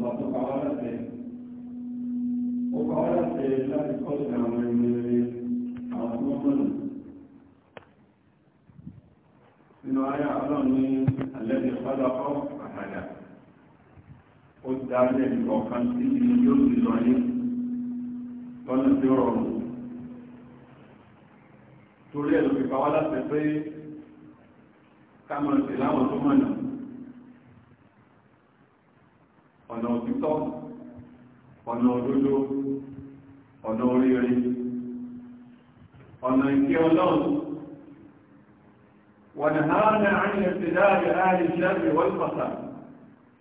ọba tó pa wá láti ó pa wá láti láti kọ́sì àwọn ẹni rẹ̀ àwọn tó mọ́ nù nínú ayé ọlọ́run ní alẹ́ ní padà ọ́ àtàgà ó dá lẹ́yìn kọ̀ọ̀kan sí ibi yóò ti lọ yìí lọ́nà tí ó rọrùn torí ẹ̀ ló fi pa wá pé ká máa tẹ̀lé àwọn tó mọ̀ ọ̀nà òtítọ́ ọ̀nà òdodo ọ̀nà oríire ọ̀nà nke ọlọ́run wọ̀n ni ha ní àárín ẹ̀sẹ̀ láàrin àárín ìṣẹ́lẹ̀ ìwọ́n pàtà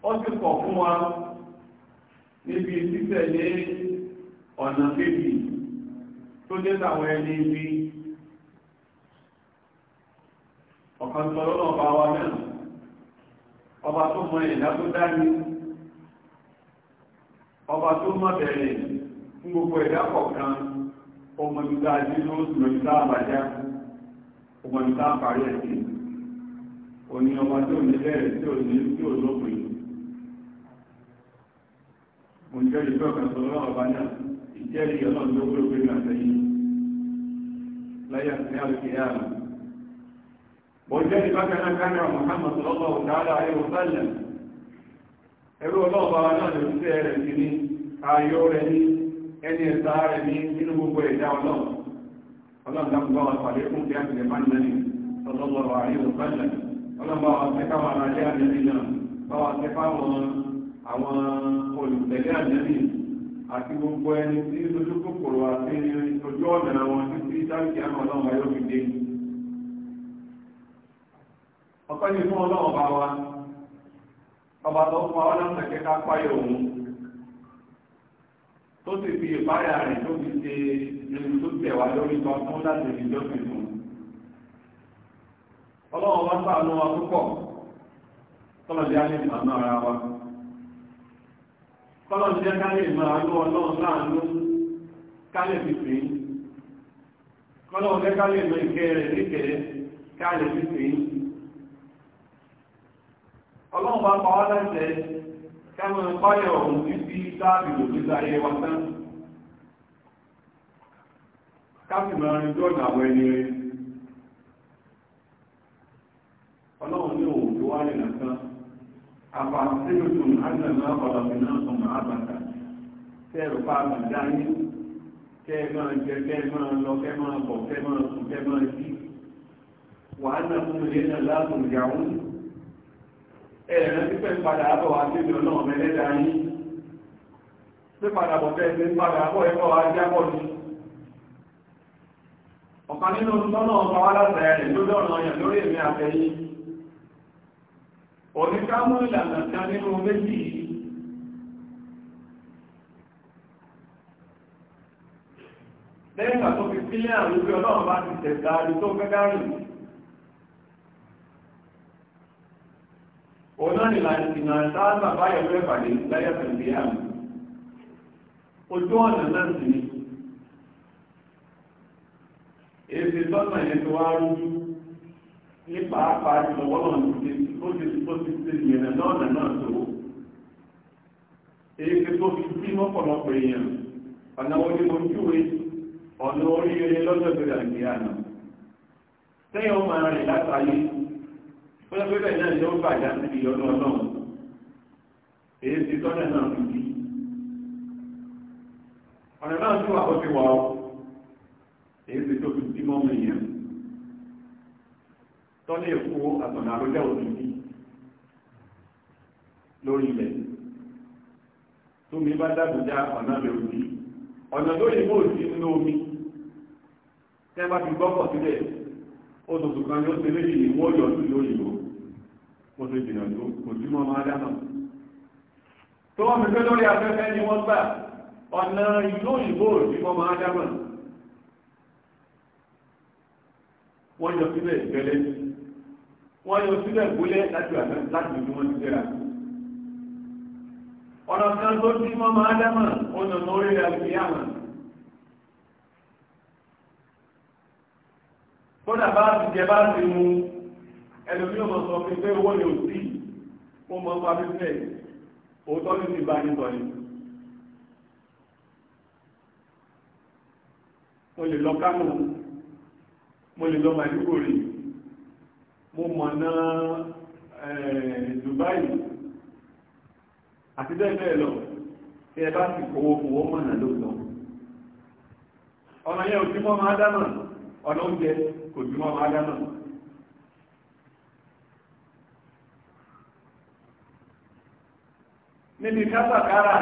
ó ti kọ̀ fún wa níbi títẹ̀lé ọ̀nà tó ẹni ibi ọ̀kan tọ́lọ́nà ọba wa náà ọba tó mọ ẹ̀dá tó dá ọba tó mọ́ bẹ̀rẹ̀ fún gbogbo ẹ̀dá kọ̀ọ̀kan ọmọdúta jílò mọ̀dúta àbájá ọmọdúta parí ẹ̀sìn òní ọba tó ní bẹ̀rẹ̀ tí ò ní tí ò lópin mo jẹ́ ìgbẹ́ ọ̀kan tó lọ́wọ́ ọba náà ìjẹ́rìí ọlọ́run tó gbé ògbé náà sẹ́yìn láyé àti ní àlùkè yára mo Muhammad sallallahu ta'ala alaihi wa ẹ̀rọ ọlọ́ọ̀bá náà lè fúnṣẹ́ rẹ̀ sí ní ayọ́ rẹ̀ ní ẹni ẹ̀ta rẹ̀ ní nínú gbogbo ẹ̀dá ọlọ́run ọlọ́run dákùnbá wọn pàdé fún bí àti ẹ̀má nílẹ̀ ọlọ́lọ́rọ̀ àríwọ̀ sálẹ̀ ọlọ́run bá wọn tẹ́ká wọn alẹ́ àjẹ́bí náà bá wọn tẹ́ká wọn àwọn olùtẹ̀lé àjẹ́bí àti gbogbo ẹni tí lójú kòkòrò àti ojú ọ̀nà wọn títí dáńkì àwọn ọlọ́run ayọ́ fi dé ọpẹ́ ni fún ọlọ́run bá wa ọba tó fún àwọn náà tẹ̀kẹ́ ká páyọ̀ òun tó sì fi ìpáyà rẹ̀ tó fi ṣe ẹni tó tẹ̀ wá lórí kan fún láti fi jọ́sìn fún ọlọ́run wá ṣàánú wa púpọ̀ tọ́lọ̀dé á lè màánú ara wa tọ́lọ̀dé ká lè màánú ọlọ́run láàánú ká lè fi pè lè mọ ìkẹ́ rẹ̀ níkẹ́ ká lè fi ọlọ́run bá pa wá láṣẹ kẹ́mọ̀ páyọ̀ òun ti fi sáàbì lòdúdà ayé wa tán káàkì máa rí jọ́nà àwọn ẹni rẹ̀ ọlọ́run ní òun tó wá nìyà tán àfàṣẹ́lùtùn àjẹ̀mọ́ ọ̀lọ́fin náà sọmọ àbàtà tẹ́rù pa àbàdá yín kẹ́ máa jẹ kẹ́ máa lọ kẹ́ máa bọ̀ kẹ́ máa sùn kẹ́ máa jí wàhálà fún ilé náà láàbùn ìyàwó ẹ̀rẹ́ ti fẹ́ padà àbọ̀ àgbébì ọlọ́run mẹ́lẹ́dà yìí pé padà bọ̀ fẹ́ ti padà àbọ̀ ẹ̀kọ́ ajábọ̀ ni ọ̀kan nínú lọ́nà ọba wá látàrí rẹ̀ lórí ọ̀nà ọyàn lórí èmi àtẹ̀yìn oníkámú ìlànà kan nínú méjì yìí lẹ́yìn àtúnfi sílẹ̀ àrùn bí ọlọ́run bá ti tẹ̀sà àrùn tó fẹ́ dárìn ọlọ́rin láti máa sáábà báyọ̀ fẹ́ pàdé láyé pẹ̀lú àmì ojú ọ̀nà náà sì ni èsì tọ́nà yẹn tó wá rújú ní pàápàá jùlọ wọ́n ó ti ó ti ṣe ìyẹ̀nà lọ́nà náà tó èsì tó fi sí mọ́pọ̀lọpọ̀ èèyàn ọ̀nà orí ojúwe ọ̀nà orí eré lọ́jọ́ ìgbéra ìgbéra náà tẹ́yọ̀ máa rìn látàyé bóyá pé bẹ́ẹ̀ náà ni ó gbà já síbi ìyọnu ọlọ́run èyí ti tọ́jà náà fi bí ọ̀nà náà tún wà ó ti wà ó èyí ti tó fi bí mọ́ mi yẹn tọ́lé èkó àtọ̀nà àlójá òtún bí lórí ilẹ̀ tómi bá dábòjá ọ̀nà rẹ̀ òbí ọ̀nà tó yìí bóò sí nínú omi tẹ́ bá fi gbọ́kọ̀ sílẹ̀ ó tuntun kan yóò kó tó jìnà tó kò túmọ̀ máa dáná tó wọ́n fi pé lórí afẹ́fẹ́ ni wọ́n gbà ọ̀nà ìlú òyìnbó òjìmọ̀ máa dáná wọ́n yọ sílẹ̀ ìgbẹ́lẹ́ wọ́n yọ sílẹ̀ ìgbólẹ́ láti wà láti ìlú wọn ti jẹ́ra ọ̀nà kan tó tí wọ́n máa dámà ọ̀nà lórí àti àmà kódà bá ti jẹ bá ti mú ẹlòmí ọmọ sọ pé pé owó ni ò sí mo mọ ọmọ abẹ́sẹ̀ òótọ́ ní ti bá ní sọ ni. mo lè lọ Kánò mo lè lọ Maiduguri mo mọ̀ náà eh, Dubai àti bẹ́ẹ̀ bẹ́ẹ̀ lọ tí ẹ bá ti kówó fún ó mọ̀nà lóòtọ́ ọ̀nà yẹn ò tí mọ́ máa dámà ọ̀nà oúnjẹ kò tí mọ́ máa dámà níbi kátàkárà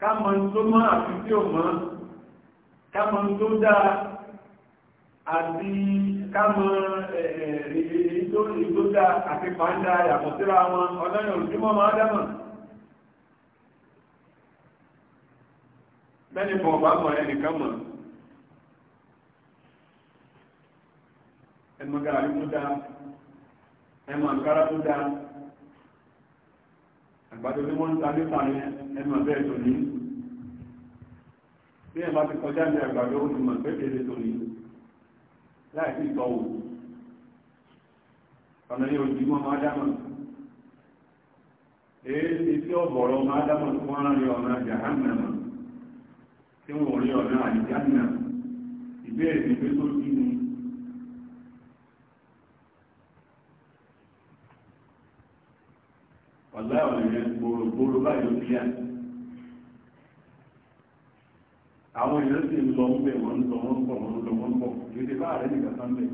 káàmọ̀ tó mọ́ àti tí ò mọ́ káàmọ̀ tó dáa àti káàmọ̀ èyí tó dáa àti pàndà yàtọ̀ síra wọn ọlọ́yìn òjúmọ́ máa dámọ̀ lẹ́ni kan ọ̀bá mọ̀ tó dáa tó dáa àgbàdo ní wọ́n ń ta nípa yẹn ẹnu ọ̀bẹ́ ètò ní bí ẹ̀ bá ti kọjá ní àgbàdo ó ti mọ̀ pé kéde tó ní láì sí ìtọ́wò ọ̀nà yóò jí mọ́ máa dámọ̀ èyí tí ó bọ̀rọ̀ máa dámọ̀ tí wọ́n rí ọ̀nà jahannama tí wọ́n rí ọ̀nà àdìjánà ìbéèrè ní ni aláwọ̀ èèyàn gbòrògbòrò báyìí ó kíá àwọn èèyàn sì ń lọ ń bẹ̀ wọ́n ń lọ wọ́n ń bọ̀ wọ́n ń lọ wọ́n ń bọ̀ kéde bá rẹ̀ nìkan sá ń bẹ̀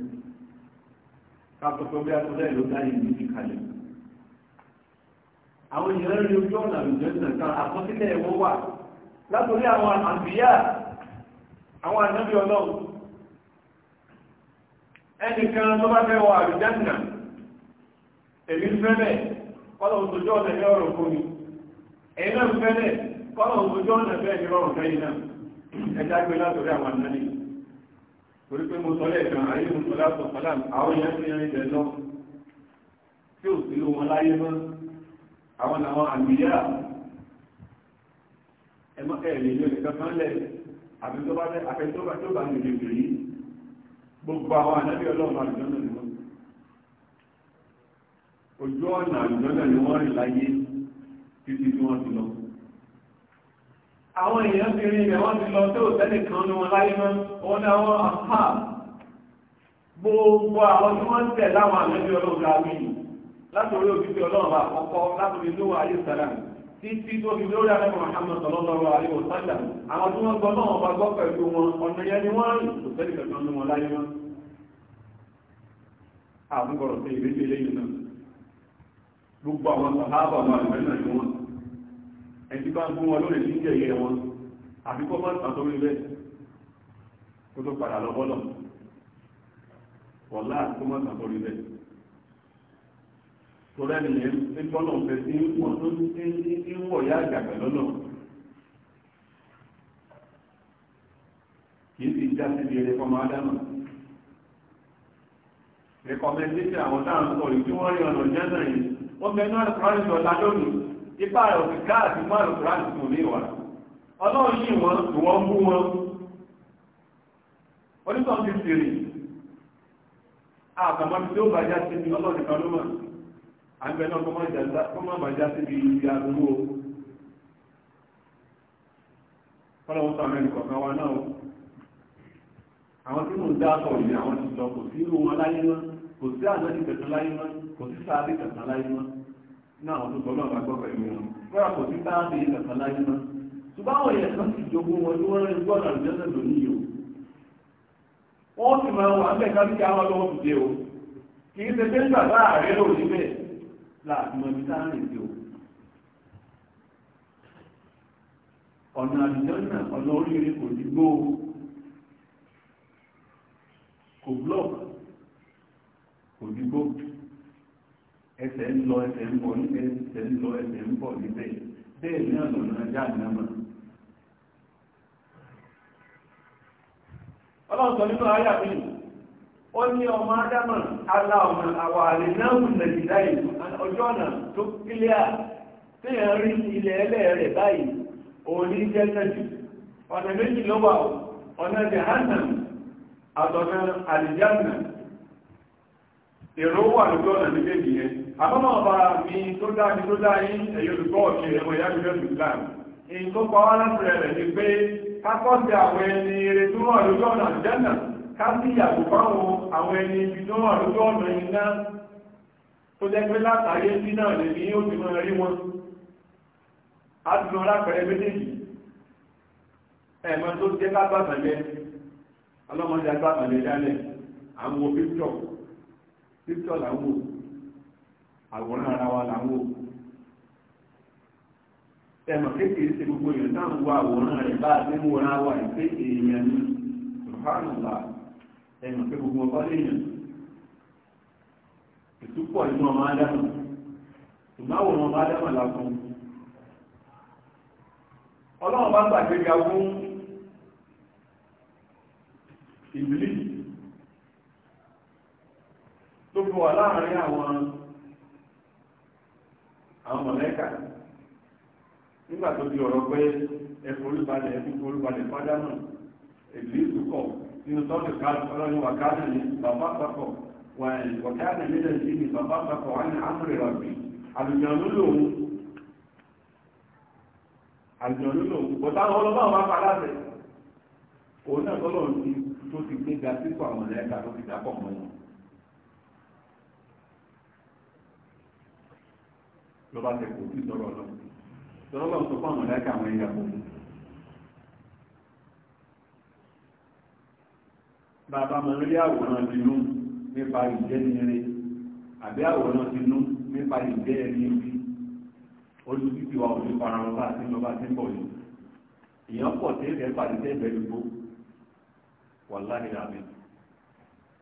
ká sọ pé bí atúndẹ̀ ló dá yìí níbi kalẹ̀ àwọn èèyàn rí ojú ọ̀nà àlùjẹ́ nìkan àkọsílẹ̀ ẹ̀wọ́ wà látòrí àwọn àbíyá àwọn ànábì ọlọ́run ẹnìkan tó bá fẹ́ wọ àlùjẹ́ nìkan èmi fẹ́ bẹ́ẹ̀ kọ́lọ̀ òṣòjọ́ ọ̀nà ní ọ̀rọ̀ kó ni ẹ̀yìn náà fẹ́lẹ̀ kọ́lọ̀ òṣòjọ́ ọ̀nà bẹ́ẹ̀ ni rọrùn fẹ́yìn náà ẹja gbé látọ̀rí àwọn ànáni torí pé mo sọlẹ̀ kan ayé mo sọlá sọ sọlá àwọn èèyàn ti rìn rẹ̀ lọ tí ò sí wọn láyé mọ́ àwọn làwọn àmìyá ẹmọ́ ojú ọ̀nà àjọ́nà ni wọ́n rìn láyé títí tí wọ́n ti lọ àwọn èèyàn ti rí ilẹ̀ wọ́n ti lọ tí ò tẹ́lẹ̀ kan ní wọn láyé mọ́ wọ́n ní àwọn àpá gbogbo àwọn tí wọ́n tẹ̀ láwọn àmẹ́bí ọlọ́ọ̀gá mi láti orí òfìsí ọlọ́ọ̀gá àkọ́kọ́ láti orí lówó ayé sára títí tó fi lórí àrẹ́mọ̀ Muhammad ọlọ́lọ́rọ̀ àríwọ̀ sájà àwọn tí wọ́n gbọ́ náà wọ́n bá gbọ́ pẹ̀lú wọn ọ̀nà yẹn ni wọ́n rìn kò tẹ́lẹ̀ kan ní wọn láyé mọ́ àbúgbọ̀rọ̀ sí ìrẹ́lẹ̀ lẹ́yìn náà gbogbo àwọn sàhábà wà lẹ́nà ní wọn ẹni bá ń gún wọn lórí ìdíjẹ yẹ wọn àbí kọ́ máa ń tàn sórí bẹ́ẹ̀ kó tó padà lọ bọ́lọ̀ wọ̀lá kó máa tàn sórí bẹ́ẹ̀ torí ẹni yẹn ní bọ́lọ̀ ń fẹ́ sí wọn tó ní wọ̀ yá àgbàgbà lọ́nà kìí sì já sí ibi ẹ̀kọ́ máa dáná rẹ̀kọ́mẹ́ndéṣẹ̀ àwọn táwọn sọ̀rọ̀ tí wọ́n rí ọ̀nà jẹ́ náà yìí wọ́n bẹ inú àlùkùránì tó ọ̀la lónìí ipá rẹ̀ òfin káàdì mú àlùkùránì tó ní ìwà ọlọ́run yìí wọ́n tó wọ́n mú wọn onítàn ti fèrè àkàmọ́ tí ó bàjá sí ní ọlọ́run kan ló mọ̀ àgbẹ̀ náà kọ́ má bàjá sí ibi ibi àdúgbò fọ́lọ́wọ́ sàmẹ́ nìkọ̀ọ̀kan wa náà àwọn tí mo ń dá sọ̀rọ̀ ní àwọn ti sọ kò sí irú wọn láyé náà kò sí àjọyìn kẹtàn láyé mọ́ kò sí sáàbì kẹtàn láyé mọ́ ní àwọn tó gbọ́dọ̀ bá gbọ́ pẹ̀lú wọn kọ́ra kò sí sáàbì kẹtàn láyé mọ́ ṣùgbọ́n àwọn èèyàn kan ti jogún wọn tí wọ́n rẹ̀ gbọ́dọ̀ àjọyìn lónìí yìí o wọ́n sì máa wà bẹ́ẹ̀ ká bí káwọn lọ́wọ́ dé o kì í ṣe pé nígbà tá ààrẹ lò ní bẹ́ẹ̀ láàbùmọ̀ ní sáàrìn sí o ọ̀nà àjọyìn ọ̀nà oríire kò ní gbó kò blọ́ọ̀kì òdìgbò ẹsẹ̀ ń lọ ẹsẹ̀ ń bọ̀ níbẹ̀ ẹsẹ̀ ń lọ ẹsẹ̀ ń bọ̀ níbẹ̀ bẹ́ẹ̀ ní ọ̀nà ajá ànámọ̀. ọlọ́sọ nínú ayà mi ó ní ọmọ ádámà alá ọ̀nà àwọ̀ àlè náà nàìjíríà ìlú ọjọ́ ọ̀nà tó kílíà téèyàn rí ilẹ̀ ẹlẹ́rẹ̀ báyìí òun ní jẹ́ sẹ́jù ọ̀nà méjì ló wà ọ̀nà jahannam àtọ̀nà àlìjánnà èrò wà lójú ọ̀nà ní méjì yẹn àbọ́mọ̀ ọba mi tó dá mi tó dá yín ẹ̀yọ́ olùkọ́ ọ̀ṣẹ́ ẹ̀wọ̀ ìyá mi lọ́sùn islam èyí tó pa wá láti rẹ̀ ni pé kákọ́sí àwọn ẹni eré tó wà lójú ọ̀nà jẹ́nà ká sí ìyàgò fáwọn àwọn ẹni ibi tó wà lójú ọ̀nà iná tó jẹ́ pé látàrí sí náà lè ní ó ti mọ rí wọn á ti lọ lápẹẹrẹ méjèèjì ẹ̀mọ tó jẹ́ lágbàtàlẹ́ ọlọ́mọdé agbàtàlẹ́ dálẹ̀ àwọn òbí tọ̀ píktọ̀ làwọn ò àwòrán ara wa làwọn ò ẹ̀mọ̀ kékeré ṣe gbogbo èèyàn náà ń wo àwòrán rẹ̀ bá a ti ń wòran wa ìpé èèyàn ní ṣùgbọ́nùlá ẹ̀mọ̀ pé gbogbo ọkọ léèyàn ìtúpọ̀ inú ọmọ ádámà ṣùgbọ́n àwòrán ọmọ ádámà làkùn ọlọ́run bá gbàgbé ga fún ìbílíì fi wà láàrin àwọn àwọn mọ̀lẹ́kà nígbà tó di ọ̀rọ̀ pé ẹ̀fọ́lúbalẹ̀ ẹ̀fọ́lúbalẹ̀ fádámà èdè ìsúkọ̀ nínú sọ́ọ̀tù ọlọ́run wà káàdì bàbá papọ̀ wà káàdì nílẹ̀ sí ní bàbá papọ̀ wà ní ámúrẹ̀ rọ̀bì àlùjọ̀nù lòun àlùjọ̀nù lòun ọlọ́mọ àwọn afáláṣẹ òun náà ti ti ló bá tẹ̀kọ̀ sí sọ̀rọ̀ lọ sọ̀rọ̀ lọ sọ fáwọn ọ̀dáka àwọn ìyàwó bàbá mọ̀ lórí àwòrán tinú nípa ìjẹ́ nire àbí àwòrán tinú nípa ìjẹ́ ẹni ibi ojú títí wa ò ní fara wọn bá ti ń lọ bá ti ń bọ̀ yìí èèyàn pọ̀ tí ẹ̀fẹ̀ pàdé tẹ́ ìbẹ̀rù gbó wà láàrin àmì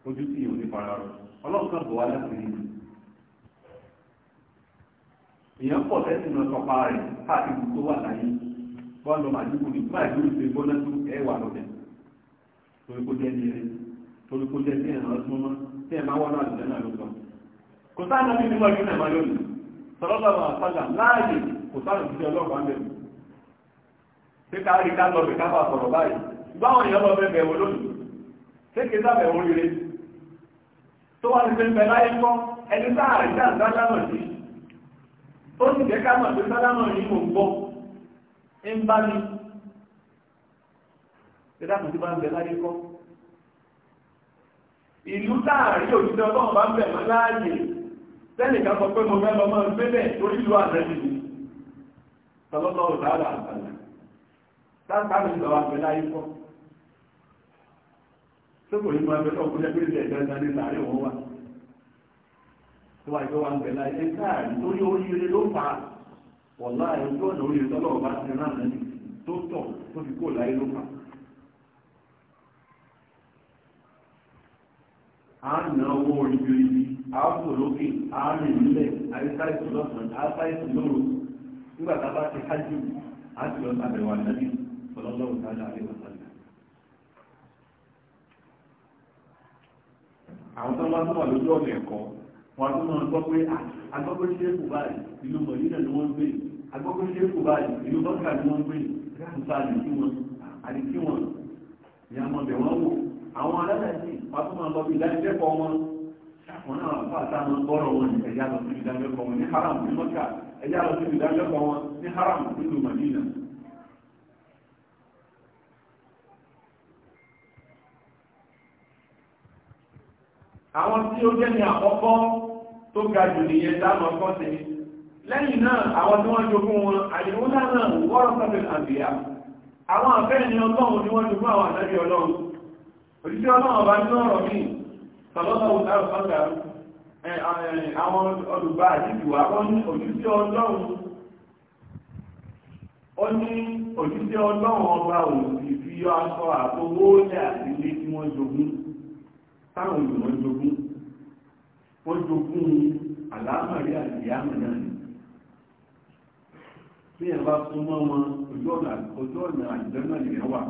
ojú tí ìhòòhò ní fara rọ bọ̀ wá láti rí i èèyàn pọ̀ tẹ́sí lọ sọpa rẹ̀ káàkiri tó wà láyé bọ́ọ̀lù màdúkù ní báyìí ló ń ṣe gbóná tó ẹ wà lọ́bẹ̀ torí kó jẹ́ ní eré torí kó jẹ́ sí ẹ̀rọ súnmọ́ tí ẹ máa wọ́n náà lùdẹ́ náà ló sọ. kò sáà náà bí mímọ́ ìrìnà máa lónìí sọlọ́gbàgbà àfàgà láàyè kò sáà lùdí ọlọ́ọ̀bá ń bẹ̀rù. ṣé ká rí ká lọ́ọ̀bẹ̀ ká bá sọ̀rọ̀ báyìí báwọn èèyàn lọ́ọ̀bẹ̀ bẹ̀wò lónìí ṣé kí sábẹ̀wò rere tó wá ní pé ń bẹ láyé ń kọ́ ẹni sáà ó sì jẹ́ ká mọ̀ pé sálámọ̀ ní mò ń gbọ́ ń bá mi ìdáàmù tí bá ń bẹ láyé kọ́ ìlú táàrí òjúdẹ ọlọ́run bá ń bẹ̀ mọ́ láàyè tẹ́lẹ̀ ká sọ pé mo fẹ́ lọ mọ́ gbélẹ̀ lórí ìlú àtẹ́jì ni tọ́lọ́tọ́ òdáàlà àtàlà táàbí ìlú àwọn abẹ láyé kọ́ tó kò ní mọ́ abẹ tó kúrẹ́ pé ilẹ̀ ìjọba ní láàrin òun wà tó wà ìjọba ń bẹ̀rẹ̀ láìpẹ́ káàrí torí oríire ló fà á wọ̀lá ọ̀nà oríire tọ́lọ̀ bá ti rán àná tó tọ̀ tó fi kó láyé ló fà á. a nà owó oríire àápò lókè àárín nílẹ̀ àrísáìsì lọ́sàn-án àrísáìsì lóru nígbà tá a bá ti hájú àti lọ sàbẹ̀wò ànábì ọlọ́lọ́run tá a dà lé wàsálà. àwọn tó wá tó wà lójú ọ̀nà ẹ̀kọ́ wọn tó máa gbọ́ pé agbọ́gbọ́ ah, ṣe kò báyìí ìlú mọ̀lẹ́dà ni wọ́n ń gbé agbọ́gbọ́ ṣe kò báyìí ìlú bọ́kà ni wọ́n ń gbé gáàsùpá àdìsí wọn àdìsí wọn ìyàmọ̀bẹ̀ wọn wò àwọn alálàájì wọn tó máa lọ bí ìdánilẹ́kọ̀ọ́ wọn wọn náà fà sáwọn gbọ́rọ̀ wọn ní ẹ̀yà lọ àwọn tí ó jẹ́ ní àkọ́kọ́ tó ga jù nìyẹn dáàmà kọ́sẹ̀ lẹ́yìn náà àwọn tí wọ́n jogún wọn àyẹ̀wò náà wọ́rọ̀ sọ́fẹ̀ àbíyá àwọn àfẹ́ ni ọlọ́run ni wọ́n jogún àwọn àdájọ́ ọlọ́run òṣìṣẹ́ ọlọ́run bá ní ọ̀rọ̀ míì sọlọ́lọ́run dáàrù sọ́gà àwọn olùgbà àdìdù àwọn òṣìṣẹ́ ọlọ́run ó ní òṣìṣẹ́ ọlọ́run ọba òsì fi aṣọ àtowó ní àtìlé tí wọ́n jogún táwọn olùmọ̀ jogún wọ́n jogún àlámàrí àdìyàmù náà ni bí ẹ bá súnmọ́ wọn ojú ọ̀nà àjẹ́mọ̀ nìyẹn wà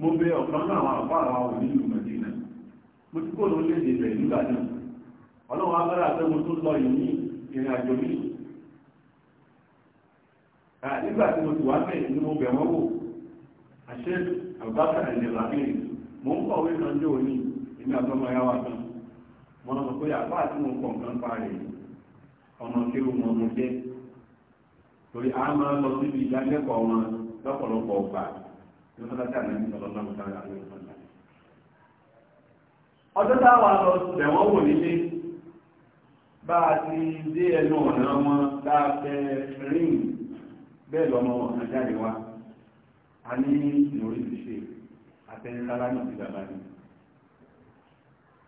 mo bẹ ọ̀kan náà àwọn àbá àwọn òní ìlú mẹ́dínà mo ti kó ló lè dè bẹ̀ nígbà náà ọlọ́run agbára àtẹ́mu tó lọ yìí ní ìrìn àjò mi nígbà tí mo ti wá bẹ́ẹ̀ ni mo bẹ̀ wọ́n wò àṣẹ àbáfẹ́ àìlè làbẹ́rẹ́ mo ń kọ̀wé kan jẹ́ òní èmi àtọ́mọ ya wà tán mo lọ sọ pé àpá àti mo kọ̀ nǹkan pa rẹ̀ ọmọ kí o mọ mo jẹ́ torí a máa lọ síbi ìdánilẹ́kọ̀ọ́ wọn lọ́pọ̀lọpọ̀ ọgbà ní wọ́n dáadáa náà ní sọ̀rọ̀ náà sáré àwọn ọ̀sán náà. wò nílé bá a ti dé ẹnu ọ̀nà wọn bá a fẹ́ rìn bẹ́ẹ̀ lọ́mọ ọ̀nà jáde wa a ní ìròyìn ìṣe àtẹnisára náà ti dàgbà nìyí.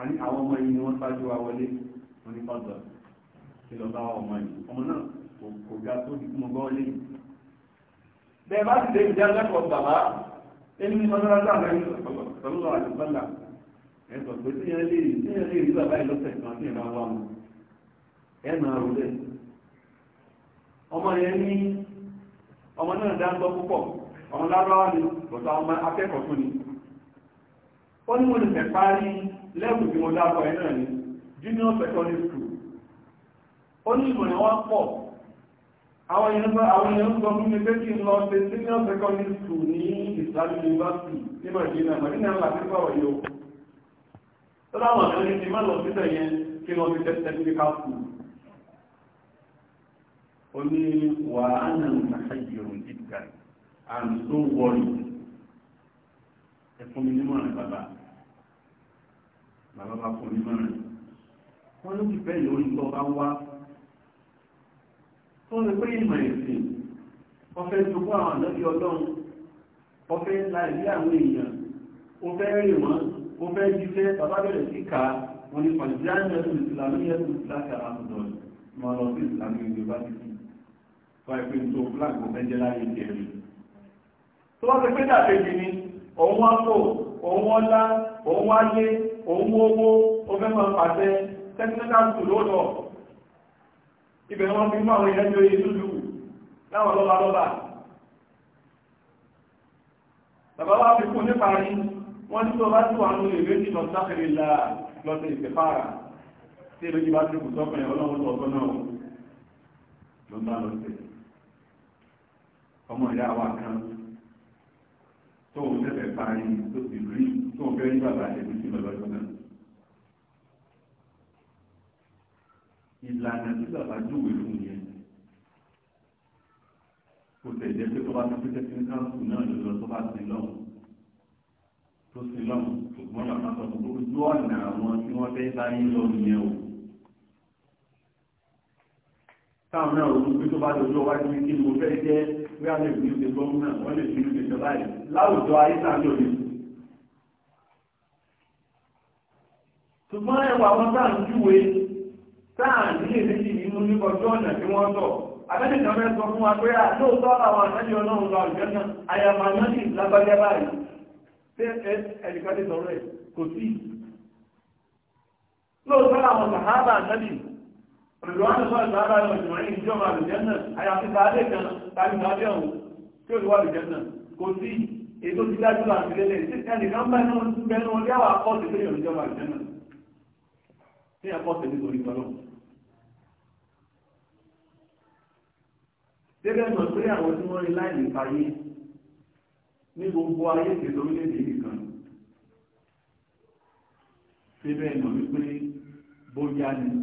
àní àwọn ọmọ yìí ni wọ́n sáájú wa wọlé wọn ní fọ́dọ̀ kí lọ bá ọmọ yìí ọmọ náà kò ga tó di kúmọ̀ gbọ́ lé bẹ́ẹ̀ bá ti lè jẹ́ lẹ́kọ̀ọ́ bàbá ẹni ní mọ́tàlásá rẹ̀ sọ́lọ́ àdìbọ́là ẹ̀ sọ pé tí yẹn lè rí tí yẹn lè rí bàbá yìí lọ́sẹ̀ kan tí yẹn bá wà mọ́ ẹ máa rò lẹ̀ ọmọ yẹn ní ọmọ náà dá ń gbọ́ púpọ̀ ọmọ lábáwá ni bọ̀tọ̀ ọmọ akẹ́kọ̀ọ́ tó ni ó ní mo lè fẹ́ parí lẹ́bù tí mo dákọ̀ ẹ̀ náà junior secondary school ó ní ìmọ̀ ni wọ́n pọ̀ àwọn èèyàn sọ fún mi pé kí n lọ sí senior secondary school ní Islamic University ní Madina Madina ńlá tí tó dáwọn ẹni ti má lọ síbẹ̀ yẹn kí lọ sí technical school ó ní wà á nà ń sàkáyé òun dídà I'm so worried ẹ fún mi nímọ̀ràn bàbá bàbá bá fún mi mọ́rin wọ́n ló ti bẹ́ẹ̀ lórí tó bá wá tó lè pé ìmọ̀ ẹ̀sìn ọ̀fẹ́ jogún àwọn ànábì ọlọ́run ọ̀fẹ́ láìlé àwọn èèyàn ó fẹ́ rìn wọ́n ó fẹ́ jíṣẹ́ bàbá bẹ̀rẹ̀ sí ká wọn ni pàjáàmì ẹ̀sùn ìsìlámù ẹ̀sùn ìsìláṣà àbùdọ̀ mọ́ lọ sí ìsìlámù yunifásitì wọ́n ẹ̀pẹ́ tó flag ọ̀fẹ́jẹ́ láyé jẹ́rìí tó wá ti pé dàbẹ́jì ni òun wá pò òun wọ́n òun owó ọgbẹ́mọ̀ pàtẹ technical school ó lọ ibẹ̀ wọ́n fi máa wọ́n ìrẹ́jọ yìí lúlù láwọn lọ́ba lọ́ba bàbá wá fi kún nípa rí wọ́n ní tó bá tí wà ní ìwé ní lọ́sáfẹ́rẹ́ la lọ́sẹ̀ ìfẹ́fàrà tí èdè bá ti kù sọ́kùnrin ọlọ́run tó ọgbọ́n náà ló ń bá lọ́sẹ̀ ọmọ ìyá wa kan tó o tẹ́fẹ̀ẹ́ parí tó ti rí tó o fẹ́ rí bàbá ẹ̀mí sí lọ́lọ́dún náà. ìlànà tí bàbá júwe fún yẹn kò tẹ̀jẹ́ pé tó bá tó pété sí káńsù náà lọ́dọ̀ tó bá sí lọ́hùn tó sí lọ́hùn ṣùgbọ́n bàbá sọ pé ojú ọ̀nà àwọn tí wọ́n fẹ́ bá yín lọ bí a lè fi ní ṣe gómìnà wọ́n lè fi ní ṣe jọba yìí láwùjọ ayé náà lórí. ṣùgbọ́n ẹwà wọn tá à ń júwe tá à ń lè méjì nínú nípa ọjọ́ ọ̀nà tí wọ́n tọ̀ abẹ́lẹ̀ kan fẹ́ sọ fún wa pé lóòótọ́ àwọn àtẹ́jọ́ náà ń lọ àjọ náà àyàmà náà sì lágbájá báyìí ṣé ẹnìkan ti sọ̀rọ̀ ẹ̀ kò sí lóòótọ́ àwọn sàhábà náà olùwádìí sọ́rọ̀ sáábà ẹ̀rọ ìjọba ìjọba àlùjẹ́nà àyàfi sáábà kan tàbí sáábà ọ̀hún tí olùwà àlùjẹ́nà kò sí ètò ti dájú láti lélẹ̀ tí ẹnìkan bá ẹnu bẹnu orí àwọn akọ́sí pé olùjọba àlùjẹ́nà tí akọ́sí ní torí tọ́lọ́ gẹ́gẹ́ mọ̀ pé àwọn tí wọ́n rí láìní fàyè ní gbogbo ayé ìṣèlú orílẹ̀-èdè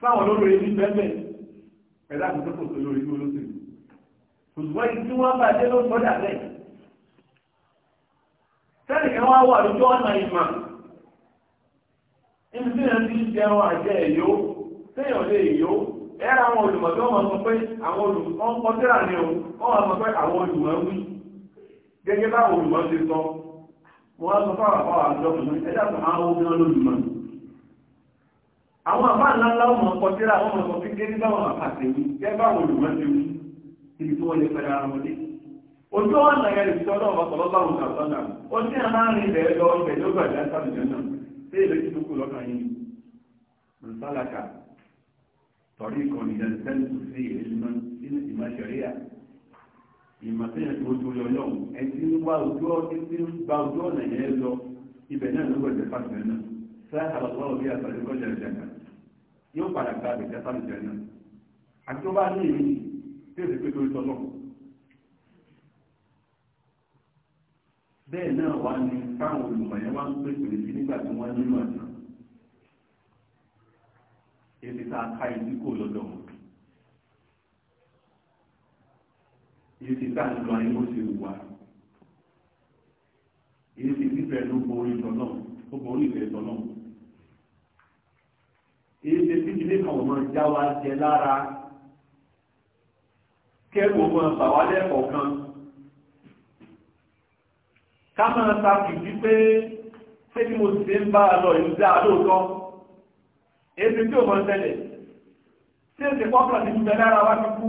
sáwọn olórí ní bẹ́ẹ̀ ẹ̀dá kò tó kò tó lórí ní olóṣèlú òṣùwọ́n tí wọ́n bá dé ló sọ́dà bẹ́ẹ̀ sẹ́nìkan wá wà lójú ọ̀nà ìmọ̀ níbi tí wọ́n ti ń jẹun àjẹ èyó séèyàn lé èyó ẹ̀rọ àwọn sọ pé àwọn olùmọ̀ ni o sọ pé àwọn olùmọ̀ wí gẹ́gẹ́ olùmọ̀ ti sọ wọ́n sọ fáwọn àjọ àwọn àbá ńláńlá ọmọ ọkọ̀ síra àwọn ọmọ ọkọ̀ kékeré báwọn àpàtẹ yìí jẹ́ báwọn olùmọ̀ ti wí ibi tí wọ́n lè fẹ́ra ara wọn dé ojú ọ̀nà yẹn lè sọ́dọ̀ ọmọ ọ̀pọ̀ lọ́bàrún kàtọ́nà ó ní àárín ilẹ̀ lọ ọbẹ̀ ló gbàdá sàbìjọ náà sí èlé tí tó kù lọ́kàn yìí mùsálàkà tọ̀rí ìkànnì yẹn sẹ́ńtù sí ìmọ̀ ìmọ̀ ṣẹ̀ríà ìmọ̀ sẹ́yìn tó tó yọ lọ́hùn ẹtí ń wá ojú ọ̀nà yẹn lọ ibẹ̀ náà ló gbàdá sàbìjọ náà sáà àlọ́ yóò padà gba àbẹ̀tẹ́ sálùjẹ náà àti tó bá ní èyí tí èsì pé torí tọ́lọ́ bẹ́ẹ̀ náà wá ní káwọn olùmọ̀ yẹn wá ń pèsè sí nígbà tí wọ́n nínú àná èsì tá a ká etí kò lọ́dọ̀ wọn èsì tá a lọ ayé ó ṣe wà èsì nífẹ̀ẹ́ ló borí tọ́lọ́ ó borí ìfẹ́ tọ́lọ́ èyí ṣe tí ilé kan ò máa já wa jẹ lára kẹ́rù ọmọ bàwá lẹ́kọ̀ọ́ kan ká máa ta kìí pé ṣé bí mo ti ń bá a lọ ìlú dáa lóòótọ́ èyí ṣe tí ò máa tẹ̀lẹ̀ ṣé èsì pọ́pọ̀ ti ń bẹ lára wa ti kú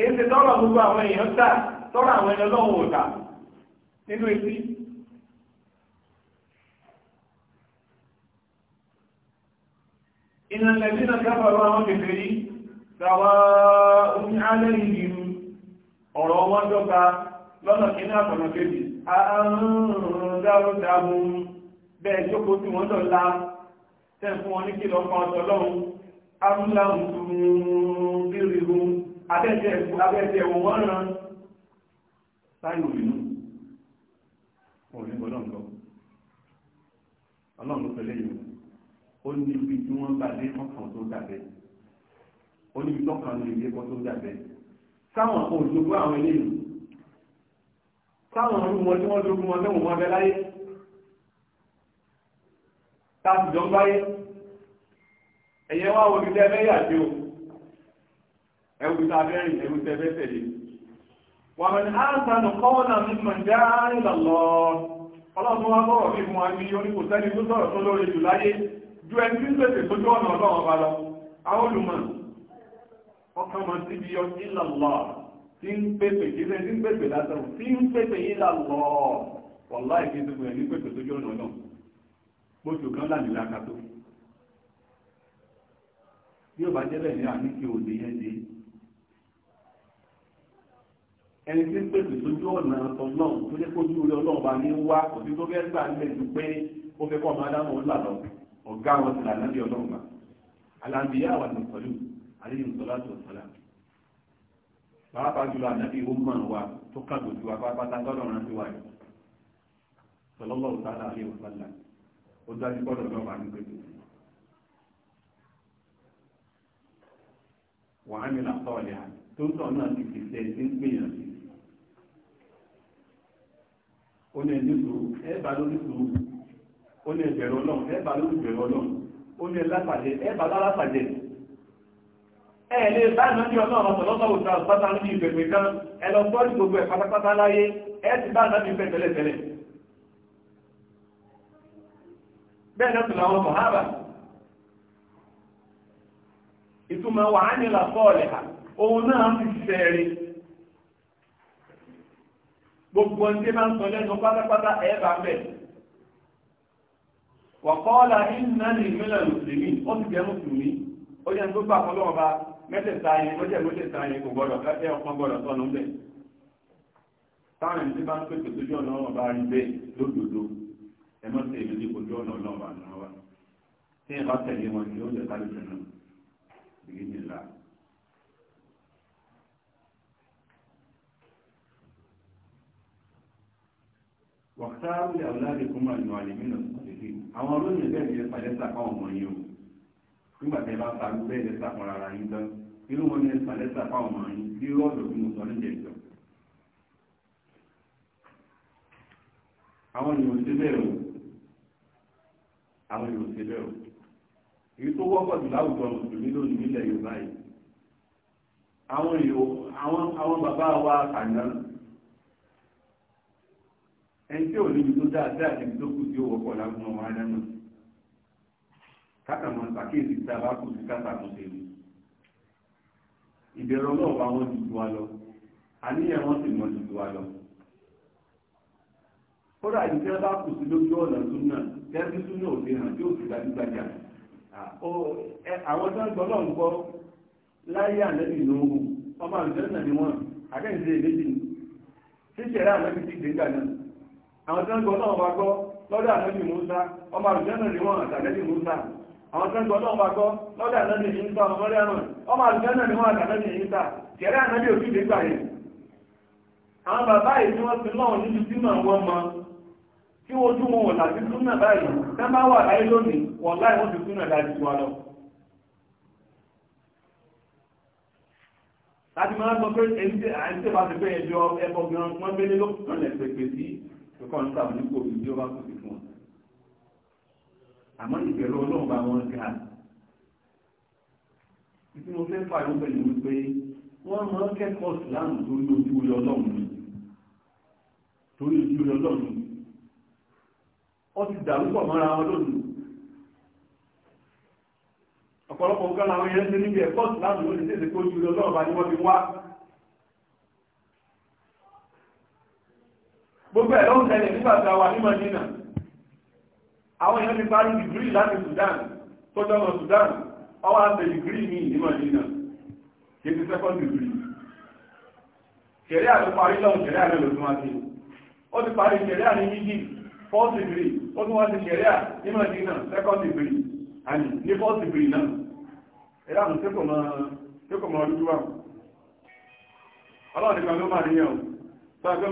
èyí ṣe tọ́rọ̀ gbogbo àwọn èèyàn tà tọ́rọ̀ àwọn ẹni ọlọ́run ò tà nínú etí إن الذين كفروا وكفروا سواء عليهم أروا وجبا lọ́nà kí ní àpọ̀nà kejì àárùn-ún-dáhùn bẹ́ẹ̀ jókòó tí wọ́n lọ la tẹ́ fún wọn ní kí lọ fún ọ̀tọ̀ lọ́hun amúláhùn tún bí ríru abẹ́ẹ̀tẹ̀ ẹ̀wọ̀n wọ́n ó ní ibi tí wọ́n bá dé ọkàn tó dàbẹ́ ó ní ibi tọ́kàn lè dé kọ́ tó dàbẹ́ sáwọn kò jogún àwọn eléyìí sáwọn ọdún wọn tí wọ́n jogún wọn tẹ́wọ̀n wọn bẹ láyé tá a sì jọ ń báyé ẹ̀yẹ wá wo ilé ẹgbẹ́ yàtí o ẹwù tá a fẹ́ rìn ẹwù tẹ́ fẹ́ tẹ̀lé wà mí àǹtànù kọ́ọ̀nà mi mọ̀ já ìlàlọ́ ọlọ́run wa bọ̀rọ̀ mi mú wa ní oníkòsẹ́ni tó sọ̀rọ̀ tó lórí jù láyé ju ẹni tí ń pèsè sójú ọ̀nà ọlọ́run ọba lọ àwọn olùmọ̀ ọkàn mọ̀ síbi ìlàlọ́ tí ń pèsè kí ṣe tí ń pèsè lásán tí ń pèsè ìlàlọ́ wọ̀lá ìfi ti gbìyànjú pèsè sójú ọ̀nà náà bóṣù kan láàmì láka tó bí ó bá jẹ́ bẹ́ẹ̀ ní àmì kí òde yẹn dé ẹni tí ń pèsè sójú ọ̀nà ọlọ́run tó jẹ́ kójú orí ọlọ́run bá ní wá òbí tó fẹ́ gbà ń lè ju pé ó fẹ́ kọ́ ọmọ ọ̀gá wọn ti lànà bí ọlọ́run bá alábíyá wà ní pẹ̀lú àríyìn sọ́láṣọ sọ́lá pàápàá jùlọ ànábì ó mọ̀ wa tó kàgbò ju apápátá tọ́lọ̀ rántí wa yìí sọlọ́lọ́ òtálà àríyìn sọ́lá ó dájú gbọ́dọ̀ lọ́wọ́ àníkẹ́tù wà á nílà sọ́ọ̀lẹ̀ à tó ń sọ̀rọ̀ náà ti fi ṣe ti ń gbìyàn sí ó ní ẹni sùúrù ẹ bá lórí sùúrù ó ní ẹgbẹ̀rún ọlọ́run ẹ̀bà ló ń bẹ̀rù ọlọ́run ó ní ẹlápàdé ẹ̀bà lálápàdé ẹ̀ lè báyìí lọ́jọ́ ọlọ́run ọ̀sọ̀lọ́sọ̀ òṣà pátá ní ìfẹ̀fẹ̀ kan ẹlọ gbọ́dì gbogbo ẹ̀ pátápátá láyé ẹ̀ ti bá náà fi fẹ́ tẹ́lẹ̀tẹ́lẹ̀ bẹ́ẹ̀ náà tún àwọn mọ̀hábà ìtumọ̀ wà á nílà fọ́ọ̀lẹ̀ ha òun náà fi fẹ́ẹ̀rí gbogbo ọdún tí máa ń sọ lẹ́nu pátápátá ẹ̀ bá wọ̀kọ́ọ́lá iná ní ìmílẹ̀ mùsùlùmí ó ti jẹ́ mùsùlùmí ó jẹ́ tó gbà fọlọ́wọ́ bá mẹ́tẹ̀ẹ̀ta yẹn lọ́jẹ́ mọ́tẹ̀ẹ̀ta yẹn kò gbọ́dọ̀ kẹ́kẹ́ ọkàn gbọ́dọ̀ tọ́nu bẹ̀. táwọn ẹni ń pèsè sójú ọ̀nà ọ̀nà bá rí bẹ́ẹ̀ lódodo ẹ mọ́ sí ìrírí ọ̀nà ọ̀nà bá tí ẹ bá tẹ̀lé wọn ó pé àwọn olóyìn bẹ́ẹ̀ ni ẹ padà sàkọ́ ọmọ yìí o nígbà tí ẹ bá ta bẹ́ẹ̀ lẹ sàkọ́ rárá yín tán irú wọn ni ẹ padà sàkọ́ ọmọ yìí bí rọ́ọ̀dù bí mo sọ níjẹ̀ jọ. àwọn èèyàn ṣe bẹ́ẹ̀ o àwọn èèyàn ṣe bẹ́ẹ̀ o èyí tó wọ́pọ̀ jù láwùjọ mùsùlùmí lónìí nílẹ̀ Yorùbá yìí àwọn bàbá wa kàná ẹni tí ò níbi tó dáadáa níbi tó kù tí ó wọ́pọ̀ lágùn ọmọ adáná kákà máa pàkíyèsí tá a bá kù sí kápá tó ṣe ni ìbẹ̀rù ọlọ́ọ̀bá wọn jù wá lọ àníyàn wọn sì mọ̀ jù wá lọ kódà yìí tí wọ́n bá kù sí lójú ọ̀nà súnà tẹ́sí súnà òde hàn tí ó sì gbajúgbajà àwọn tó ń gbọ́ lọ́n gbọ́ láyé ànẹ́bì lóhùn ọmọ àlùjọ́ náà ni wọ́n àkẹ́yìndé méjì ní ṣíṣe rẹ̀ ànẹ́bì ti dé ńgbà àwọn tí wọ́n gbọ́ náà wá gbọ́ lọ́dọ̀ ànábì Mùsá ọmọ àlùjẹ́nà ni wọ́n àtàlẹ́bì Mùsá àwọn tí wọ́n gbọ́ náà wá gbọ́ lọ́dọ̀ ànábì Ìsá ọmọ mọ́rẹ́rùn ọmọ àlùjẹ́nà ni wọ́n àtàlẹ́bì Ìsá kẹrẹ ànábì òfin lè gbà yẹn àwọn bàbá yìí tí wọ́n ti lọ́wọ́ níbi tí mà wọ́n mọ tí wọ́n tún wọn wọ̀n àti súnà báyìí tẹ́ bá wà láyé lónìí wọ̀n láì wọ́n ti súnà láti wà lọ láti máa sọ pé ẹni tí àìsí ti pé ẹjọ́ ẹbọ gan-an wọ́n gbé nílò lọ́nà ìpèpè sí lókọ́ nípa àwọn oníkó omi tí ó bá kó sí fún wọn. àmọ́ ìbẹ̀rù ọlọ́run bá wọn ga. títí mo fẹ́ fà yóò pẹ̀lú wípé wọ́n máa ń kẹ́kọ̀ọ́ síláàmù torí ojú orí ọlọ́run ni torí ojú orí ọlọ́run ni ó ti dàrú pọ̀ mọ́ra ọlọ́run ọ̀pọ̀lọpọ̀ nǹkan làwọn yẹn ń ṣe níbi ẹ̀kọ́ síláàmù lónìí tẹ̀sí kó ju ọlọ́run bá ní wọ́n ti wá gbogbo ẹ̀ ló ń tẹ̀lé nígbà tí a wà ní Madina àwọn èèyàn ti parí dìgírì láti Sudan tó jọmọ Sudan ọwọ́ àti dìgírì mi ní Madina kì í ti second degree kẹ̀rí àti parí lọ́wọ́ kẹ̀rí àti lọ́dún wá ó ti parí kẹ̀rí àti yíyí fourth degree ó tún wá sí kẹ̀rí àti ní Madina second degree àní ní fourth degree náà ẹ̀rọ àmì tí kò ọdún wà ọlọ́run nìkan ló máa níyàn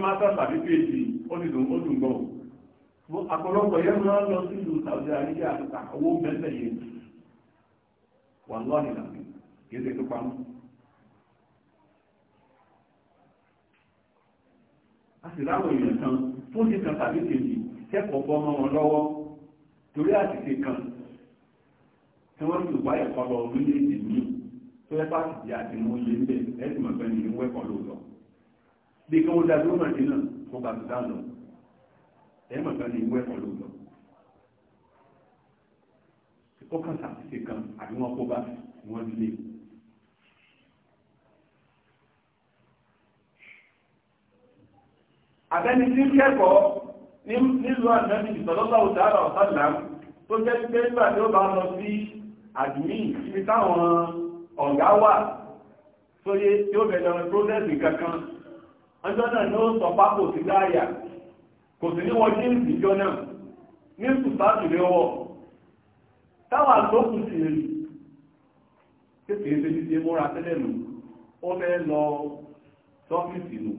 máa ó lè dùn ó dùn gbọ́n àpọ̀lọpọ̀ yẹn máa ń lọ sí ìlú Saudi Arabia àtúntà owó mẹ́fẹ̀ yẹn wà lọ́ọ̀nì làbí kì í ṣe tó pamọ́. a sì láwọn èèyàn kan tó ṣe kan tàbí kejì kẹ́kọ̀ọ́ bọ́ mọ́ wọn lọ́wọ́ torí àṣìṣe kan tí wọ́n sì wá ẹ̀kọ́ lọ orílẹ̀-èdè míì tó yẹ fásitì àti mọ́ yẹn bẹ́ẹ̀ ẹ̀sìn mọ̀fẹ́ ni wọ́n ẹ̀kọ́ lóòótọ́ bí kí wọ́n dá dúró tó bá ti dáná ẹ mọ̀ kan ní ìwé ẹ̀kọ́ ló lọ. ó kàn sàtìsí kan àbí wọ́n kó bá wọ́n lé. àbẹ́ni tí ń kẹ́kọ̀ọ́ nílùú àjọ́bí ìtọ́lọ́lá òdára ọ̀sánlá tó jẹ́ pé nígbà tí ó bá lọ sí àdìmí ibi táwọn ọ̀gá wà sóyé tí ó bẹ̀rẹ̀ ọ̀rẹ́ prọ́sẹ̀sì kankan ọjọ́ náà ni ó sọ pá kò sí láàyà kò sí níwọ̀n jíǹsì ìjọ náà ní sùpáàtì lé ọwọ́ táwà tó kù sí rí kékeré ṣe jíjẹ múra tẹ́lẹ̀ nù ó fẹ́ lọ sọ́fíìsì nù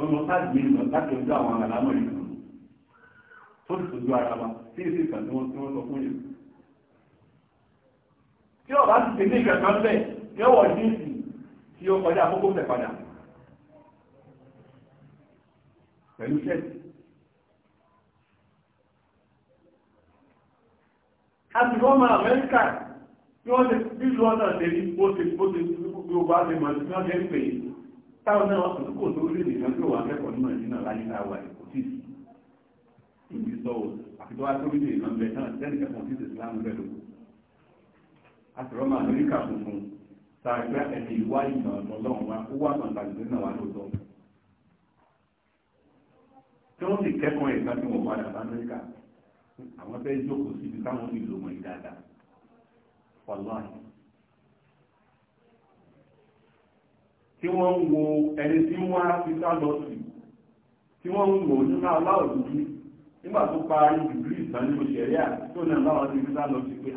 ọmọ sáàgbé ìgbà láti ojú àwọn àlámọ̀ ìlú tó sì tójú ara wa tí èsì ìgbà tí wọ́n tí wọ́n sọ fún yìí tí ọba ti tẹ̀lé ìgbà kan bẹ́ẹ̀ yọ̀wọ̀ jíǹsì tí ó kọjá àkókò tẹ̀ padà pẹ̀lú sẹ́ẹ̀tì àti gọ́ọ̀mà amẹ́ríkà tí wọ́n ti bílù ọ̀nà tẹ̀lé bó ti bó ti gbogbo bá ti mọ̀ sí wọ́n jẹ́ ń pè é táwọn náà wọ́n tó kò tó rí nìkan tó wà akẹ́kọ̀ọ́ nínú ìdínà láyé náà wà kò sí ìdí sọ o àti tó wá tó rí nìkan bẹ náà lẹ́nu kẹfọ́n sí ìsìlámù bẹ́ẹ̀ lóko àti gọ́ọ̀mà amẹ́ríkà funfun tàbí ẹni ìwá ìmọ̀ ọ̀tọ̀ lọ́wọ́ wa ó wà mọ̀ tàbí náà wà tí wọ́n sì kẹ́kọ̀ọ́ ẹ̀ka tí wọ́n padà bá Amẹ́ríkà àwọn fẹ́ jókòó síbi táwọn ní ìlú wọn dáadáa wàláhì. tí wọ́n ń wo ẹni tí wọ́n á fi sá lọ sí tí wọ́n ń wò nípa aláwọ̀ dúdú nígbà tó parí dìgírì ìtàn nínú sẹ̀ríà tó ní aláwọ̀ ti fi sá lọ sí pé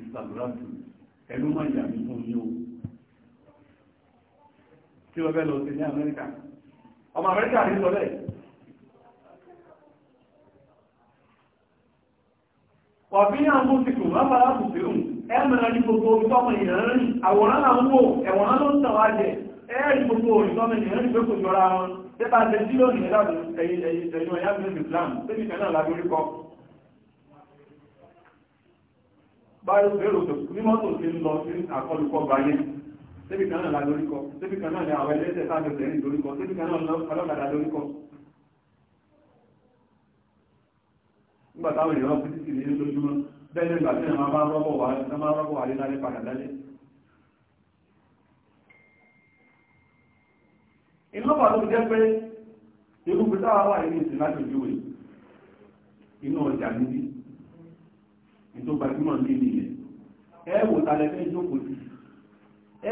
ìsàlùràtù ah, ẹnu máa yà mí fún yín o. kí wọ́n fẹ́ lọ sí ní Amẹ́ríkà ọmọ amẹ́ríkà ní sọ bẹ́ẹ̀ ọ̀bí ní àwọn mọ́síkù wọ́n bá láàpù sí òun ẹ̀mẹ́ra ní gbogbo olùtọ́mọ ìyẹn rìn àwòrán náà ń wò ẹ̀wọ̀n ló ń tàn wá jẹ ẹ̀ẹ́rì gbogbo olùtọ́mọ ìyẹn rìn pé kò jọra wọn tẹ́bà tẹ́ sí lónìí ẹ̀dàdùn ẹ̀yìn ẹ̀yìn ẹ̀yìn ọ̀yá bí i Islam tẹ́bì kan náà lágbórí kọ́ báyọ̀ bẹ̀rù ní mọ́tò sí ń lọ sí àkọlùkọ́ gbáyé sébì kan náà la lórúkọ sébì kan náà ni àwọn ẹlẹ́sẹ̀ sáàbẹ̀ tẹ̀lé lórúkọ sébì kan náà ọlọ́kadà lórúkọ. nígbà táwọn èèyàn kú títì nínú lójúmọ́ bẹ́ẹ̀ nígbà tí wọ́n máa rọ́bọ̀ wà ní máa rọ́bọ̀ wà ní lálẹ́ padà lálẹ́. ìlọ́pàá tó jẹ́ pé irúgbìn táwa wà nínú ìsìn láti ojúwe inú ọjà níbi ìtọ́gbàjúmọ̀ ní ìlẹ̀ ẹ wò talẹ́ fẹ́ jókòó sí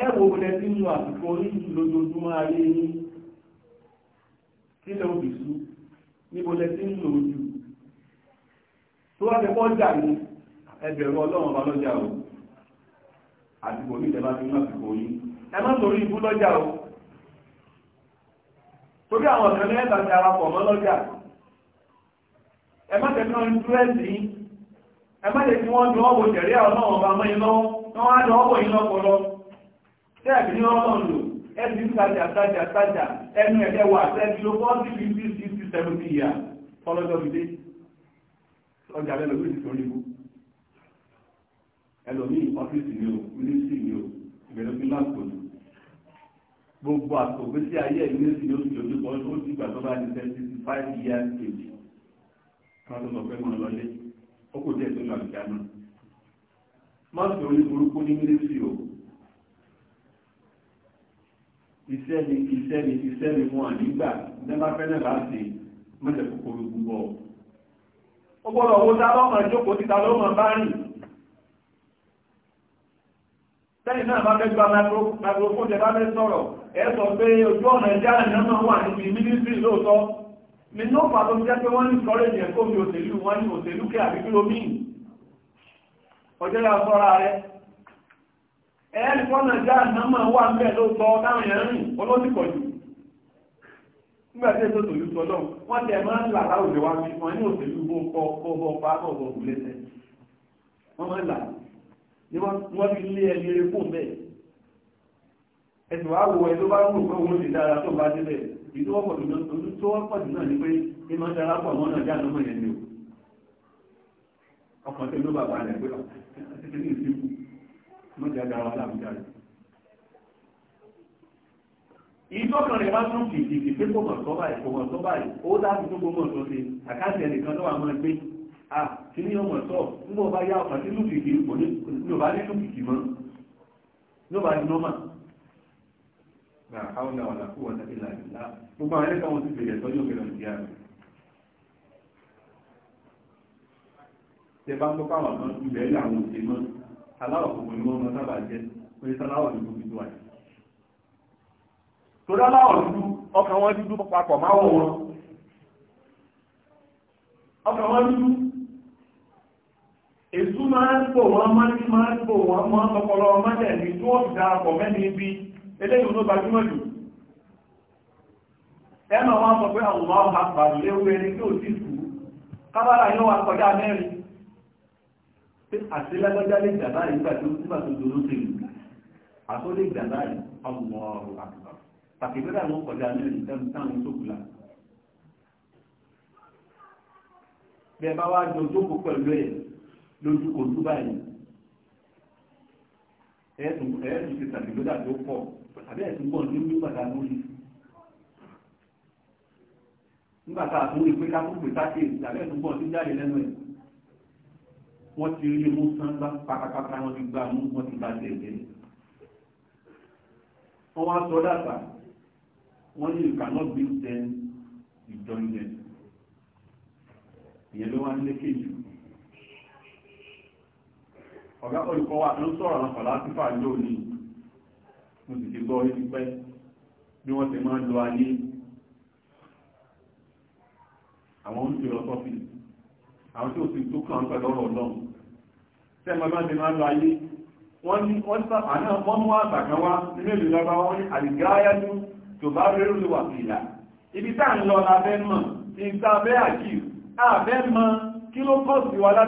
ẹ̀wọ̀ olẹ tí mú àsìkò oríṣìí lójoojúmọ́ ayé yìí kílẹ̀ òbí sú níbo lẹ tí ń lò tó wá tẹ́kọ́ jà ní ẹgbẹ̀rún ọlọ́run ọba lọ́jà o Ati ní ìjẹba tí mú àsìkò yìí ẹ má torí ibú lọ́jà o torí àwọn ọ̀sán mẹ́ta ti ara pọ̀ mọ́ lọ́jà ẹ má ẹ má àwọn tẹ́ẹ̀bì ní ọlọ́run lò ẹbí tajà tajà tajà ẹnu ẹ̀dẹ́wà tẹ́ẹ̀bì ló fọ́ọ̀tì fifty sixty seventy yà ọlọ́jọ́ fi dé ọjà rẹ lórí ìtò onígbó ẹlòmíì ọ́fíìsì ni o mínísítì ni o ìgbẹ̀lógún láàpò ni gbogbo àtògbé sí ayé ẹ̀ mínísítì ni ó ti ojú kan ó ti gbà tó bá di seventy five years age kan tó sọ pé mo lọlé ó kò dé ètò ìlànà ìdáná má sọ oníburúkú ní mínísítì o iṣẹ́ ni iṣẹ́ ni iṣẹ́ ni wọn nígbà nígbà fẹ́lẹ̀ láti mẹ́lẹ̀ kòkòrò gbogbo ọ gbọ́dọ̀ owó tá lọ́mọ ìjókòó títa lọ́mọ bá rìn tẹ́yìn náà bá fẹ́ gba microphone tẹ bá fẹ́ sọ̀rọ̀ ẹ sọ pé ojú ọ̀nà ẹja ìnáwó wà níbi mínísírì lóòótọ́ ni ní òpá tó jẹ́ pé wọ́n ní sọ́rẹ́jì ẹ̀kọ́ mi òṣèlú wọn ní òṣèlú kí àbíkí lómi ọjọ́ yà sọ́ra rẹ̀ ẹ̀ẹ́nì fọ́nà já àdámà wà ń bẹ̀ ló sọ dáhùn rìn olóṣìkọ̀ jù èso tòlú wọ́n máa ń là láwùjọ ní òṣèlú bó kọ́ bọ́ lẹ́sẹ̀ wọ́n máa ń ti dára tó bá débẹ̀ náà ojú tó wọ́n pọ̀jù náà ni pé ẹ máa dára pọ̀ mọ́ náà já àdámà yẹn ni o ọkàn tó ló bàbá rẹ̀ pé ah, mọ́jáde àwọn aláàmújáde ìjọkàn rẹ̀ wá tún kìkìkì pé kò mọ̀ sọ́bà ẹ̀ kò mọ̀ sọ́bà ẹ̀ ó dáàbò tó gbogbo ọ̀sán ṣe àkáǹtì ẹnìkan lọ́wọ́ àwọn ẹgbẹ́ à kí ni ọmọ sọ nígbà bá yá ọ̀sán nínú kìkì kò ní ló bá nínú kìkì mọ́ ló bá di nọ́mà. àwọn ọ̀là ọ̀là kú wọn tàbí làbí lá gbogbo àwọn ẹlẹ́kọ̀ọ́ wọn ala kòkò ní wọ́n sábà jẹ́ pé sáláwọ̀ ní gbogbo ìlú àyè torí aláwọ̀ dúdú ọkàn wọn dúdú papọ̀ máwọ̀ wọn ọkàn wọn dúdú máa ń wọn máa ń máa ń wọn ní darapọ̀ mẹ́ni ibi eléyìí ló jù ẹ máa sọ pé àwọn ọmọ ẹni àti lágbájá lè gbà báyìí nígbà tó nígbà tó dúró sí i àtó lè gbà báyìí ọmọ ọrùn àgbà pàtẹ́gbẹ́rẹ́ àwọn kọjá mẹ́rin tẹ́lú táwọn sókùlà. bí ẹ bá wá jọ jókòó pẹ̀lú ẹ̀ lójú kò tú báyìí ẹ̀ẹ́dùn ẹ̀ẹ́dùn ti tàbí lódà tó pọ̀ àbí ẹ̀sùn pọ̀ ní ojú pàtàkì lórí nígbà tá a tún rí pé ká tún pè sáké ìtàbí ẹ̀sùn pọ̀ sí jáde lẹ́nu ẹ̀ wọ́n ti rí mú sánbá pátápátá wọn ti gbá mú wọ́n ti bá tẹ̀lé wọ́n wá sọ dàtà wọ́n ní you cannot beat them you join them ìyẹn ló wá nílé kejì ọ̀gá olùkọ́ wa ló sọ̀rọ̀ àwọn fàlásífà lónìí mo sì ti gbọ́ orí ti pẹ́ bí wọ́n ti máa ń lo ayé àwọn oníṣòro sọ́fì àwọn tí ó ti tó kàn pẹ̀lú ọ̀rọ̀ ọlọ́run tẹ́mọ̀ bá ti máa ń lọ ayé wọ́n ní wọ́n sàpà náà wọ́n mú àtàkà wá nínú ìlú lọ́ba wọ́n ní àdìgáyájú tó bá rérú lè wà fìlà ibi tá ń lọ lábẹ́ mọ̀ ní sábẹ́ àkíyù àbẹ́ mọ kí ló kọ́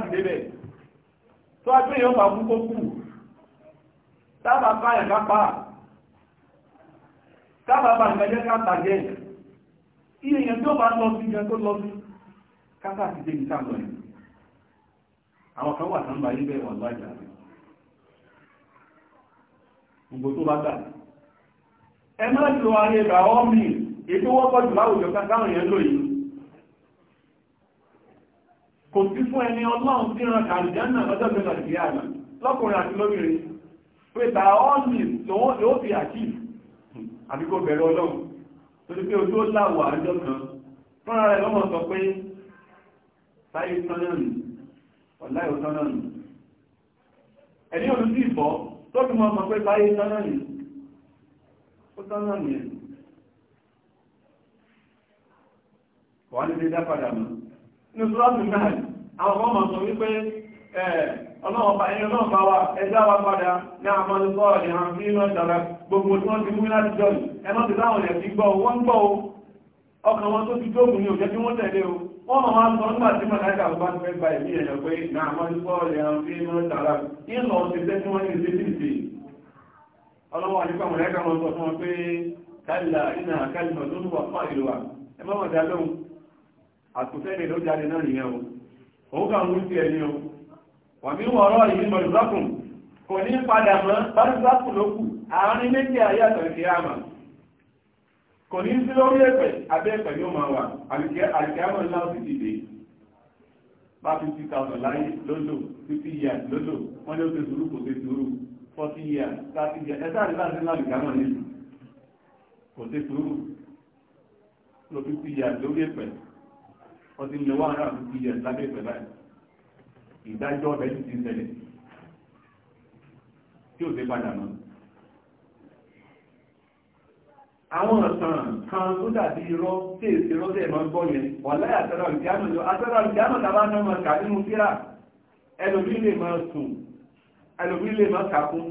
a gbé yọba fún kó kù tábà bá ẹ̀ kápá tábà bá ìgbẹ́jẹ́ ká tàgẹ́ iye yẹn tó bá lọ sí yẹn tó lọ sí kátà ti dé ní àwọn kan wà tán bá yín bẹ́ẹ̀ wọ́n lájà rẹ̀ gbogbo tó bá gbà ẹ má lo ayé ìgbà ọ́mì ètò wọ́pọ̀ jù láwùjọ káwọn èèyàn lò yìí kò sí fún ẹni ọlọ́run tí ran kàrìdánà lọ́jọ́ mẹ́ta sí àná lọ́kùnrin àti lóbìnrin pé ìgbà ọ́mì lòun yóò fi àkí àbí kò bẹ̀rẹ̀ ọlọ́run tó ti pé ojú ó láwọ̀ àjọ kan fúnra rẹ̀ lọ́mọ sọ pé táyé tán náà ọ̀lá ìwọ̀tán náà nì ẹni ọdún sí ìbọ́ tó mọ́ ọmọ láyé tán náà nì ó náà nì ẹ̀ wà ní dédá padà mọ́ inú sọ́ọ̀tù náà àwọn ọmọ sọ wípé ẹni ẹjá wa padà ní ọkàn wọn tó fi jókòó ní òjẹ́ tí wọ́n tẹ̀lé o wọ́n mọ̀ wọn sọ nígbà tí màláìka bá fẹ́ gba ẹ̀mí ẹ̀yọ̀ pé náà máa ń kọ́ ọ̀rẹ́ àwọn fi mọ́ tààrà ní lọ ṣiṣẹ́ tí wọ́n ní sí ọlọ́wọ́ wọn sọ fún pé iná tó ń wà fún àìlúwà ẹ má mọ̀ ló jáde náà nìyẹn o òun kà kò ní sí lórí ẹ̀pẹ̀ abẹ́ ẹ̀pẹ̀ yóò máa wà àlìkẹ́mọ̀ ńlá ó sì ti dé bá fifty thousand láyé lódò fifty years lódò wọ́n ní ó ṣe sùúrù kò ṣe sùúrù forty years thirty years ẹ̀sẹ̀ àti láti ńlá àlìkẹ́mọ̀ ní kò ṣe sùúrù lọ fifty years lórí ẹ̀pẹ̀ wọ́n ti ń lọ one hundred and fifty years lábẹ́ ẹ̀pẹ̀ báyìí ìdájọ́ ọ̀bẹ ti ti ṣẹlẹ̀ tí ò àwọn ọ̀sán kan tó dàbí irọ́ tí èsì irọ́ tẹ̀ máa ń gbọ́ yẹn wà láyé àtẹ́rọ ìdáná lọ àtẹ́rọ ìdáná tàbá náà máa kà nínú kíra ẹlòmí lè máa sùn ẹlòmí lè máa kàkún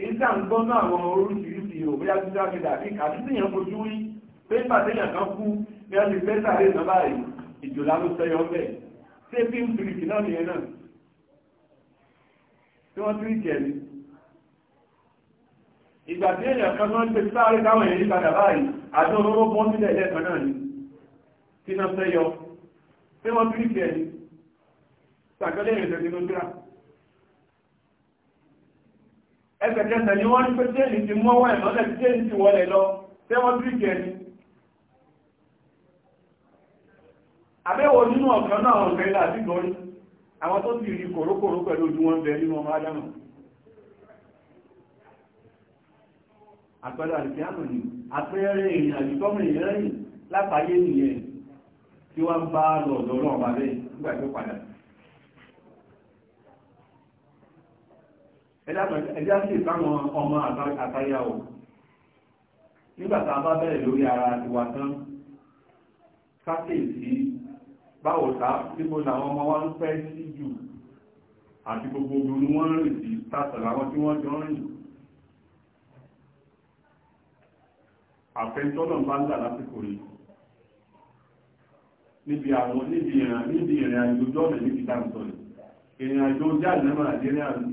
èyí tá ń gbọ́ náà àwọn oríṣiríṣi òbíyá tó dábí dàbí kàbí tí èèyàn fojú rí pé pàtẹ́yàn kan kú ní ọdún ìfẹ́ sàré náà báyìí ìjòlá ló sẹyọ bẹ́ẹ̀ ṣé fíìmù tìrìkì náà nìyẹn náà tí wọ́n tìrìkì ẹ̀ ìgbà tí èèyàn kan máa ń pè sáré káwọn èèyàn padà báyìí àti olóró bọ́ sílẹ̀ ilẹ̀ kan náà ni tí náà fẹ́ yọ tí wọ́n tí kìí ẹni sàkẹ́lẹ̀ ìrìnlẹ̀ nínú gíra ẹsẹ̀kẹsẹ̀ ni wọ́n ní pé tí èyí ti mọ́wọ́ ẹ̀ lọ́lẹ̀ tí èyí ti wọlẹ̀ lọ tí wọ́n tí kìí ẹni àbẹ́wò nínú ọ̀kan náà ọ̀fẹ́ láti gọrí àwọn tó ti rí kòrókòró pẹ̀lú ojú wọn bẹ nínú ọmọ àpẹẹrẹ àlùfíàmù ni àpẹẹrẹ èèyàn àjùkọ́mù ìrẹ́yìn látàyé nìyẹn tí wọ́n bá lọ lọ́rọ̀ ọba bẹ́ẹ̀ nígbà tó padà ẹjá sí ìkáwọn ọmọ àtayáwó nígbà tá a bá bẹ̀rẹ̀ lórí ara tiwa tán káfíìsì báwo ta síbo làwọn ọmọ wa ń pẹ́ sí jù àti gbogbo obìnrin wọ́n ń rìn sí tàtàlà wọn tí wọ́n jọ ń rìn àfẹ́ntọ́nà bá ń dà lásìkò yìí níbi àwọn níbi ìrìn àjò jọ́ọ̀nà níbi táǹtọ̀ yìí ìrìn àjò jáde náà àti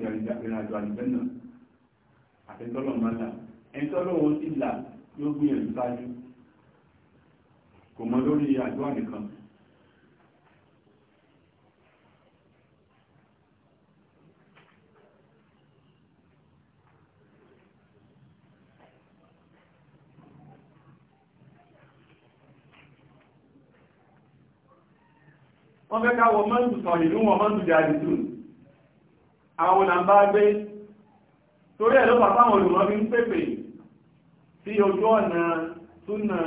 ìrìn àjò àjùbẹ́ náà àfẹ́ntọ́nà bá ń dà ẹ̀ńtọ́nà wọn ti là yóò gbìyànjú sáájú kò mọ lórí àjọ àdìkan wọ́n fẹ́ ká wọ mọ́ndù sàn ìlú wọn mọ́ndù jẹ́ àdìsù àwọn là ń bá gbé torí ẹ̀ ló fà fáwọn olùmọ́ fi ń pèpè sí ojú ọ̀nà súnà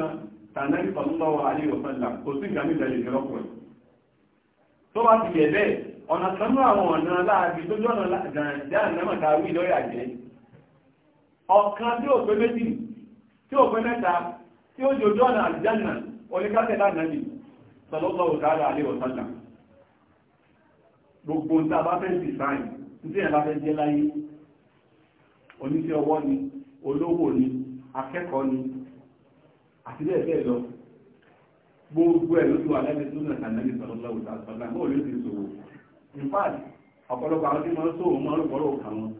tànàrí pàtúntọ́ àríwọ̀sánlá kò sí ìgbàmí ìdẹ̀lẹ̀ ìrọ́pọ̀ ẹ̀ tó bá ti yẹ̀ bẹ́ẹ̀ ọ̀nà kanú àwọn ọ̀nà láàbí tó jọ́nà jáàmẹ́mọ̀ta wí lọ́yà jẹ́ ọ̀kan tí ó pé méjì tí ó pé mẹ́ta tí ó jòjọ́nà àjánà oníkátẹ̀lá nàbì sallallahu ta'ala alaihi wa sallam gbogbo ń tàbá fẹ́ sí sáyìn tí ẹ̀ bá fẹ́ jẹ́ láyé oníṣẹ́ ọwọ́ ni olówó ni akẹ́kọ̀ọ́ ni àti bẹ́ẹ̀ bẹ́ẹ̀ lọ gbogbo ẹ̀ ló ti wà lẹ́bi tó nà sànà ní sallallahu ta'ala sallam náà ló ti sòwò in fact ọ̀pọ̀lọpọ̀ àwọn tí wọ́n sòwò mọ́ ọ̀pọ̀lọpọ̀ òkà wọn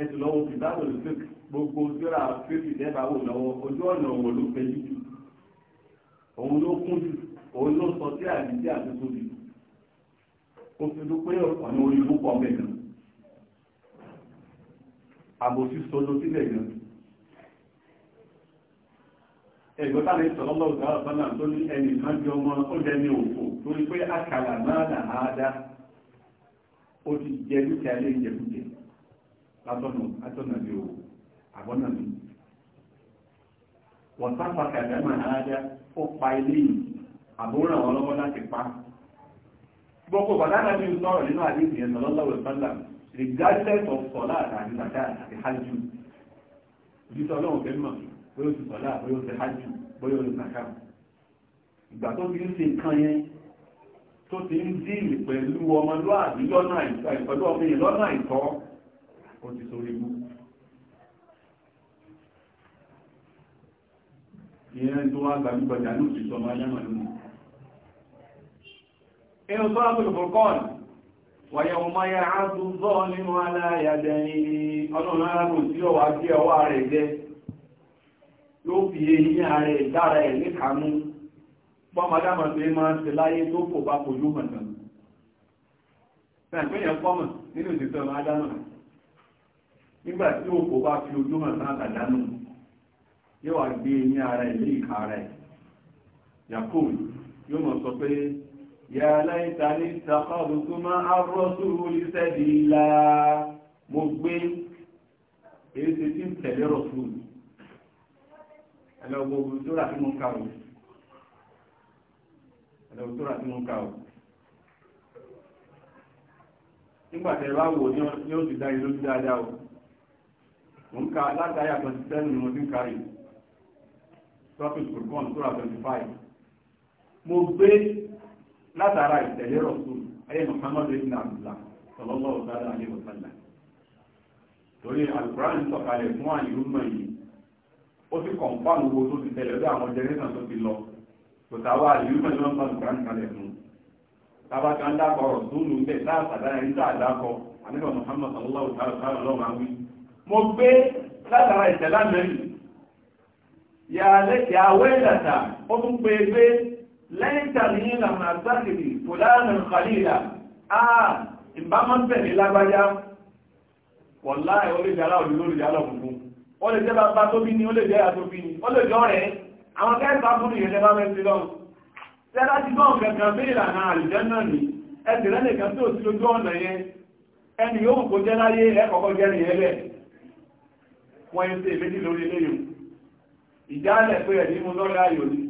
ẹ ti lọ́wọ́ fi dáàbò lè fẹ́ gbogbo síra fífi dẹ́bàá wò lọ́wọ́ ojú ọ̀nà òwò ló fẹ́ jù òun ló kún jù òun ló sọ sí àdìsí àtúntò bì ó fi dúpẹ́ ọ̀nà orí púpọ̀ mẹ́ta àbòsí sọlọ sílẹ̀ gan ẹ̀gbọ́n táwọn ẹ̀sọ́ lọ́wọ́ ìgbà ọ̀sánà tó ní ẹni kan jẹ ọmọ ó ní òfò torí pé àkàlà náà nà á dá ó ti jẹ dúkìá ìjẹkújẹ látọ̀nà o àbọ̀nà mi wọ́n ó pa àbúràn wọn lọ́wọ́ láti pa gbogbo bàdánà ní sọ̀rọ̀ nínú àdéhùn yẹn lọ́lọ́wọ́ ìpàdà regardless of sọ̀lá àti bàtà àti hajj jísọ ọlọ́run fẹ́ mọ̀ bóyá oṣù sọ̀lá bóyá oṣù hajj bóyá oṣù sàkà ìgbà tó fi ń ṣe nǹkan yẹn tó ti ń díìlì pẹ̀lú ọmọlúwàbí lọ́nà àìtọ́ pẹ̀lú ọmọ yẹn lọ́nà àìtọ́ ó ti sórí mú ìyẹn tó wá gbàgbọ́jà ní òṣìṣọ́ máa yá màlúù inú sọ́rọ̀ tó lùfò kọ́ ní wàyẹ̀wò máa yẹ àádùn zọ́ nínú aláyàdẹ̀ ọlọ́run arákùn tí ó wà sí ọwọ́ rẹ̀ jẹ́ yóò fi eyín ààrẹ ìdára ẹ̀ níkanú pọ́mọdámọ̀ tó máa ń ṣe láyé tó kò bá kò bá yóò wà gbé eyín ààrẹ ìlú ìka rẹ̀ yàkóòlù yóò mọ̀ sọ pé yà láìtàní sàkọ́dù tó máa arọ́sù olùsẹ́dì ilá mo gbé èsì tí ń tẹ̀lé rọ̀sùn ẹlọ́gbogbo tó rà tí mo ń kàwé ẹlọ́gbogbo tó rà tí mo ń kàwé nígbàtẹ̀ bá wò ní ó ti dá ìlú dáadáa o mo ń ka látàrí àtọ́sí sẹ́nu ni mo ti ń kárì profit for bond tó rà 25 mo gbé látara ìtẹ̀lé rọ̀sùn ayé muhammadu ibn abdullah sallallahu alaihi wa sallam torí alukurani sọ̀kalẹ̀ fún àyùmọ̀ yìí ó ti kọ̀ǹfàmù owó tó ti tẹ̀lé ọdún àwọn jẹnẹsàn tó ti lọ kò táwa àyùmọ̀ ni wọ́n bá alukurani kalẹ̀ fún tába kan dákọ̀ rọ̀sùn ló ń bẹ̀ tá àtàdára yìí tá àdákọ̀ àníbà muhammadu sallallahu alaihi lẹ́yìn tàbí ìlànà àgbàkìrì fòláàrin kàlílà àà ìbámọ́sẹ̀ ní lágbájá wọ̀lá ẹ̀ ó lè jẹ́ aláwọ̀ lórí ìyálọ̀ funfun ó lè jẹ́ bàbá tó bí ní ó lè jẹ́ àtó bí ní ó lè jọ rẹ̀ àwọn kẹ́ẹ̀bá fún ìyẹn lẹ́bá mẹ́sí lọ tẹ́lá ti gbọ́n kẹ̀kẹ́ bí ìlànà àlùjẹ́ náà ní ẹ̀sìn lẹ́nì kan tó sí lójú ọ̀nà yẹn ẹni yóò kó jẹ́ láyé ẹ̀kọ́kọ́ jẹ́ rìn ẹlẹ̀ wọ́n yẹn ṣe ìbéjì lórí eléyìí ìjálẹ̀ pé ẹ̀ ní lọ́rẹ́ ayò ni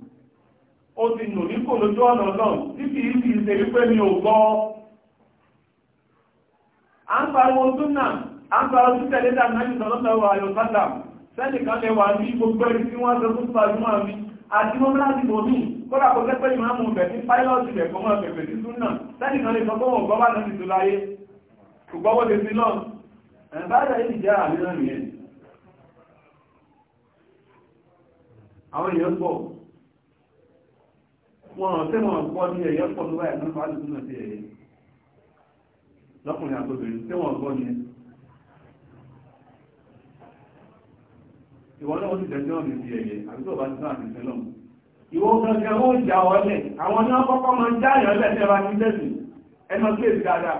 ó ti nù ní kò lójú ọ̀nà náà tí kì í sì ṣe wípé mi ò gbọ́ a ń pariwo súnà a ń pariwo sí tẹ̀lé dà náà ìsọ̀rọ̀ lọ́wọ́ ayọ̀sádà sẹ́nì kan lè wà ní gbogbo ẹni tí wọ́n ṣe fún gbajúmọ̀ mi àti mọ́ láti bò mí kódà kò jẹ́ pé ìmáàmù bẹ̀ ní páílọ́ọ̀tì rẹ̀ kọ́mọ́ bẹ̀rẹ̀ sí súnà sẹ́nì kan lè sọ pé wọ́n gbọ́ bá náà ti tó láyé ṣùgbọ́n wọ́n ti sí náà ẹ̀báyà yìí jẹ́ àmì náà nìyẹn àwọn èèyàn pọ̀ wọn tó báyìí ó jà ọ àwọn náà kọ́kọ́ máa ń já àyàn lẹ̀ tẹ́ra ní tẹ̀sí ẹnu sí èsì dáadáa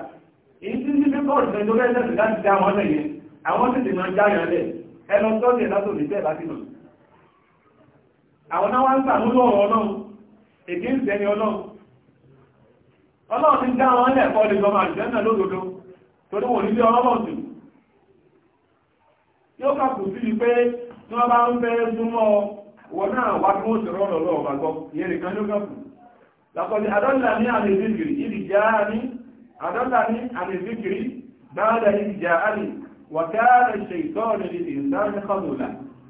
èyí tí ní pípọ̀ ìṣẹ́ tó bẹ́ẹ̀ tẹ̀sí láti já wọn lẹ̀ àwọn tètè máa ń já àyàn lẹ̀ ẹnu sọ́ọ̀tì látòlì tẹ̀ èdè ń tẹ́ni ọlọ́run ọlọ́run ti dá wọn lẹ́ẹ̀kọ́ lè gọmà ìjẹ́nà lódodo torí wọn nílé ọlọ́run tù yóò kàkù sí i pé tí wọ́n bá ń fẹ́ súnmọ́ wọn náà wá kí wọ́n ti rọ́rọ̀ lọ́wọ́ bá gbọ́ ìyẹn nìkan ló kàkù lakọ̀dì adọ́là ní àlèzíkiri ìdí já ní adọ́là ní àlèzíkiri bá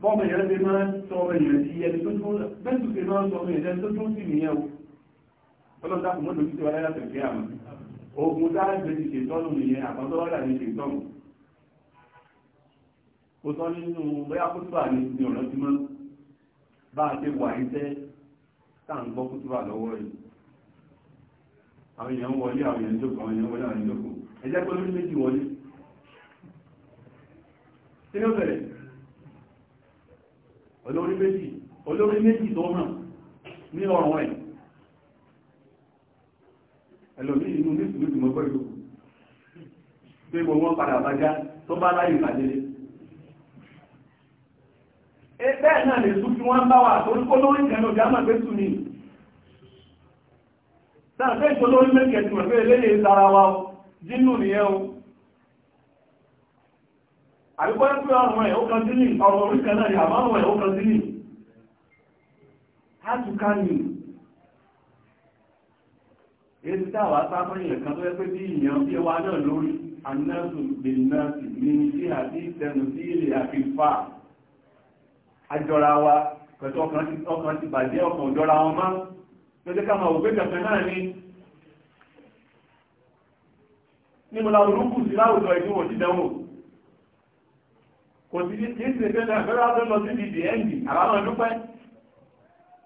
bọ́mọ̀ èèyàn ti máa máa sọ ọmọ àwọn èèyàn wọlé àwọn èèyàn jókòó àwọn èèyàn wọlé àwọn èèyàn jókòó ẹ jẹ́ méjì wọlé. Tí ló bẹ̀rẹ̀? olórí méjì olórí méjì tó hàn ní ọ̀rùn ẹ̀ ẹlòmí inú ní ìsìnkú ìmọ̀ pẹ̀lú pé mo wọ́n padà bá já tó bá láyé ìpàdélé bẹ́ẹ̀ náà lè sún kí wọ́n bá wà torí kó lórí ìjẹ̀nà ìjàmà pé sùn ní sáà fẹ́ ìṣòlórí mẹ́kẹ̀ẹ́ tí wọ́n fẹ́ eléyè sára wa jínú nìyẹn o àríkọ́ ẹ́ pé ọrùn ẹ̀ ó kan sí ní ọ̀rọ̀ orí kan náà ni àbárùn ẹ̀ ó kan sí ní hátùká ni èsì táwà sáfẹ́yìn kan tó yẹ pé bí ìyàn bí wa náà lórí anẹ́sù bìnẹ́sì ní sí àti ìtẹnu sí ilẹ̀ àfífà àjọra wa pẹ̀tù ọkàn ti bàjẹ́ ọkàn òjọra wọn má lọ́jẹ́ ká máa wò pé kẹfẹ́ náà ni nímọ̀lá olúkù sí láwùjọ ìdíwọ̀n dídánwò kò sí ní kí n ṣe pé nàìjíríà tó lọ sí bìbì ẹ́ndì àbámọ̀ dúpẹ́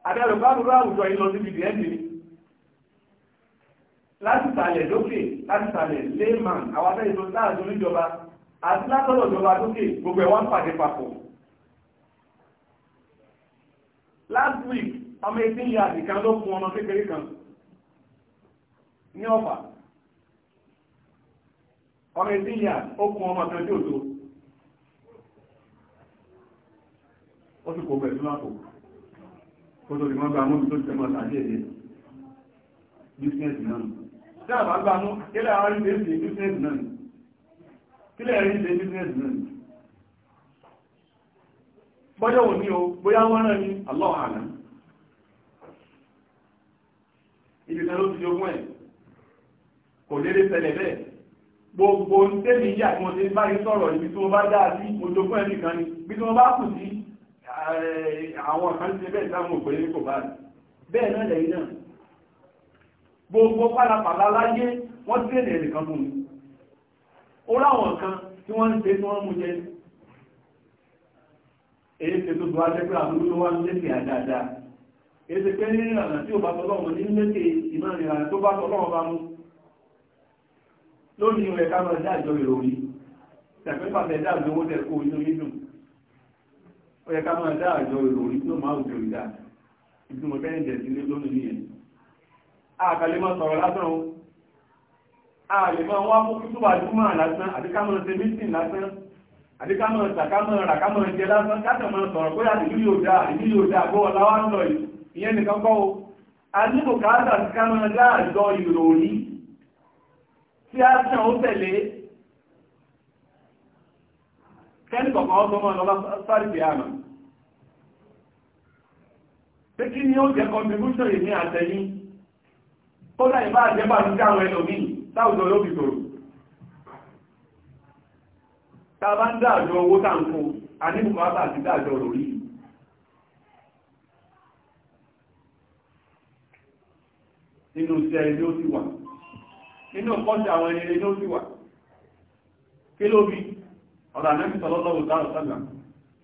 adẹ́rù bá dúró àwùjọ yìí lọ sí bìbì ẹ́ndì ni láti sàlẹ̀ lókè láti sàlẹ̀ lẹ́ẹ̀màn àwọn afẹ́ tó láàájú níjọba àti látọ̀dọ̀ ìjọba lókè gbogbo ẹ̀ wọ́n pàdé papọ̀ last week ọmọ etí ìyá àdìkan ló fún ọmọ kékeré kan ní ọ̀fà ọmọ etí ìyá ó fún ọmọ tó dé òdo ó sì kó bẹ̀rẹ̀ máàpù ó tó lè mọ́ gbàmú tó ti tẹ́mọ̀ sàájẹ́ ẹ̀yẹ bísínẹ̀sì náà tí a bá gbàmú kílẹ̀ àwọn ilé ìṣe bísínẹ̀sì náà kílẹ̀ ẹ̀rí ìṣe bísínẹ̀sì náà bọ́jọ́ wò ní o bóyá wọ́n náà ní aláwọ̀ àná ibi kan ló ti jogún ẹ̀ kò lédè tẹ́lẹ̀ bẹ́ẹ̀ gbogbo tẹ́lẹ̀ yà tí wọ́n ti bá yí sọ̀rọ̀ ibi tí wọ́n bá dáa sí ojogún ẹ̀ nìkan ni bí tí wọ́n bá kù sí àwọn kan ti bẹ́ẹ̀ sáwọn òpèrè ní kò bá rí bẹ́ẹ̀ náà lẹ́yìn náà gbogbo pálapàlá láyé wọ́n tí èdè nìkan fún mi ó láwọn kan tí wọ́n ń ṣe tí wọ́n mú jẹ èyí ṣe tó bá jẹ́ pé àwọn olówó wá ń lékè àdáadáa èyí ṣe pé nínú ìlànà tí ò bá tọ́lọ́wọ́ ní lékè ìmọ̀ ìlànà tó bá tọ́lọ́wọ́ bá mú lónìí rẹ̀ ká máa dá ìjọ ìròyìn tẹ̀pẹ́ pàtẹ́ dá ìgbówó tẹ̀ inú yídùn ó yẹ ká máa dá àjọ ìròyìn tó máa òjò ìdá ìgbìmọ̀ bẹ́ẹ̀ jẹ̀ sílé lónìí nìyẹn àkàlẹ́ máa sọ̀rọ̀ lásán o àlè máa wá mú kí túbà júmọ̀ lásán àti ká máa ṣe mítìn lásán àti ká máa ṣàká máa rà ká máa jẹ lásán káàtà máa sọ̀rọ̀ bóyá ìlú yóò dáa ìlú yóò dáa gbọ́ ọ̀la wá ń lọ ìyẹn nìkan kọ́ o a nílò káàtà sí ká máa dá àjọ ìròyìn tí a sàn ó tẹ̀lé kẹ́lì kọ̀kọ́ ọgbọ́mọ́ lọ sáré pé àmà pé kí ni ó jẹ́ contribution yìí ní àtẹ́yìn tó dá ìbá àjẹ́bà ní káwọn ẹlòmí láwùjọ ló fi tòrò ta bá ń dáàjọ owó tàǹkó a ní bùkátà àti dáàjọ lórí nínú iṣẹ́ ilé ó sì wà nínú kọ́sí àwọn ẹni ilé ó sì wà kí ló bí ọ̀rọ̀ àmẹ́bí sọlọ́lọ́wọ́ dáhùn sọ́nà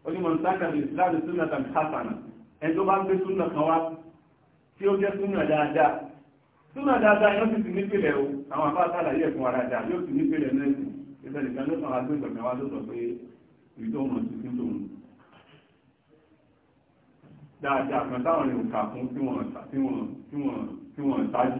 ó ní mọ̀ ntákà ní ìsìláàmù súnà tàbí hasana ẹni tó bá ń gbé súnà kan wá tí ó jẹ́ súnà dáadáa súnà dáadáa yóò sì ti nípìnlẹ̀ o àwọn afá sàlàyé ẹ̀kún ara dáa yóò sì nípìnlẹ̀ nẹ́ẹ̀sì ìfẹ́ nìkan ló sàn àgbẹ̀ ìgbẹ̀mẹ̀ wá tó sọ pé ìdóhùn tuntun tóun dáadáa kan táwọn èèyàn kà fún tí wọ́n ṣáájú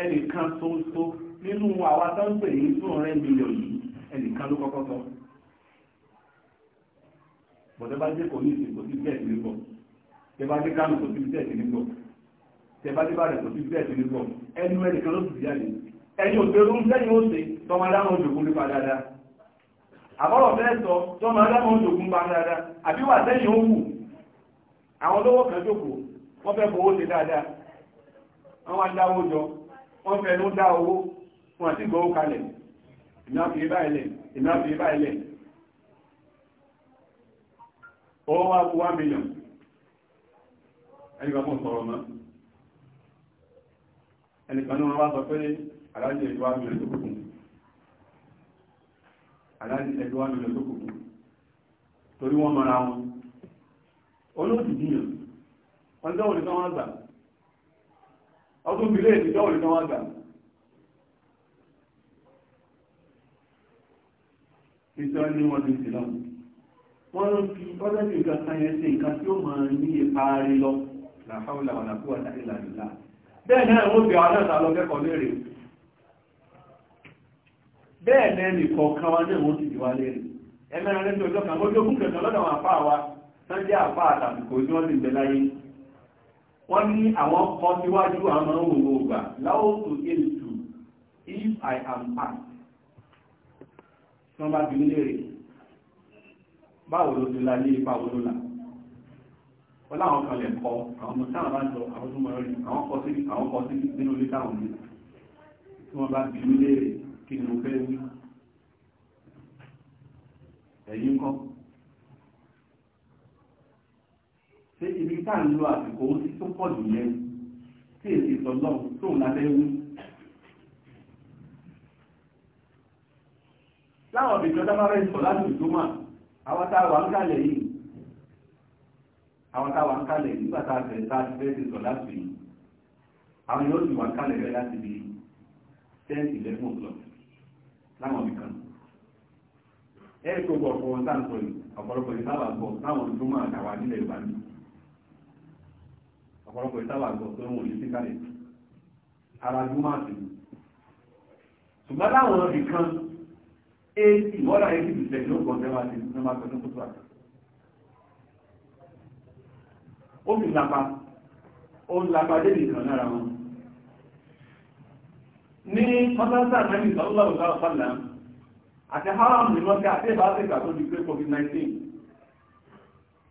ẹnìkan ṣoṣo nínú àwa tó ń pè ní two hundred million yìí ẹnìkan ló kọ́kọ́ sọ bọ̀dẹ́ bá jẹ́ kò ní ìsìn kò sí bẹ́ẹ̀ nígbò tẹ bá jẹ́ kánù kò sí bẹ́ẹ̀ nígbò tẹ bá jẹ́ bàrẹ̀ kò sí bẹ́ẹ̀ nígbò ẹnu ẹnìkan ló sì jáde ẹni òṣèlú lẹ́yìn òṣè tọmọ adáwọn òjòkun nípa dáadáa àbọ̀rọ̀ fẹ́ sọ tọmọ adáwọn òjòkun nípa dáadáa àbí wà sẹ́yìn ó wù àwọn olówó kan jókòó wọ́n fẹ́ fowó ṣe dáadáa wọ́n wá dáwó jọ wọ́n fẹ́ dá owó fún àti gbọ́ kalẹ̀ ìnáfíì báyìí owó wá kú 1 million ẹni kan fún sọ̀rọ̀ mọ́ ẹni kan náà wá sọ pé aláàjì ẹ̀dùn 1 million tó kù fún aláàjì ẹ̀dùn million tó kù fún torí wọ́n mọ́ra wọn olóòtú díyàn wọ́n dánwò ní sọ́wọ́n gbà ọdún bílé ìdíjọ́ òrìnà wọ́n gbà ìjọ ní wọ́n ti sílọ wọ́n ń fi ọlọ́dún nǹkan sáyẹ́ sí nǹkan tí ó máa ní ipa rí lọ làháùlà wà lápúwà láìlà nílá bẹ́ẹ̀ náà wọ́n bí ọ̀rọ̀ àtàlọ́ kẹ́kọ̀ọ́ lérè bẹ́ẹ̀ lẹ́nì kọ̀ọ̀kan wa náà wọ́n ti jù wá lérè ẹ̀mẹ́rin lẹ́sí ọjọ́ kan ó jókùn kẹ̀kọ́ lọ́dọ̀ àwọn àfáà wa tán jẹ́ àfáà kò tí wọ́n ti bẹ̀ láyé wọ́n ní àwọn kọ́ síwájú àwọn òwò gbà láwọ́ tó èlù if I am asked tí wọ́n bá bí ní èrè báwo ló ti la ní ipa wo ló la wọ́n láwọn kan lè kọ́ àwọn ọmọ táwọn bá ń lọ àwọn tó mọ̀ rí àwọn kọ́ sí àwọn kọ́ sí nínú ilé táwọn ní tí wọ́n bá bí ní èrè kí ni mo fẹ́ wí ẹ̀yìn kan pé ibi tá à ń lo àsìkò ó ti tó pọ̀ jù yẹn tí èsì ìtọ́lọ́ tóun lábẹ́ wí. láwọn ọ̀dẹ̀jọ́ dábàbẹ́ sọ láti ìdúmọ̀ àwọn tá a wà ń kalẹ̀ yìí àwọn tá a wà ń kalẹ̀ nígbà tá a bẹ̀rẹ̀ tá a ti fẹ́ ti sọ láti yìí àwọn yóò sì wà ń kalẹ̀ rẹ̀ láti bí tẹ́ǹtì lẹ́fún ọ̀tọ̀ láwọn ọ̀dẹ̀ kan ẹ̀ẹ́dẹ́gbọ̀gbọ̀ ọ̀pọ̀ ọ̀tá ń sọ yìí ọ̀pọ̀lọpọ̀ ìsábà bọ̀ láwọn ìdúmọ̀ àtàwà nílẹ̀ ìbàdàn ọ̀pọ̀lọpọ̀ ìtawà gbọ́ pé wọn ò ní síkàlẹ̀ ara júmọ́ àtìlú ṣùgbọ́n láwọn ìkan 80 mọ́ra 80 percent ló kọ̀ tẹ́wà sí ní ọmọ akẹ́kọ̀ọ́ tó àti ó fi lápa ó ń lápa dé nìkan lára wọn ní mọ́sánsá náà ní ìsọ́lọ́wọ́ sáwọ́ fàlà àti haram ní mọ́ká àti ìbáṣẹ́kà tó di pé covid-19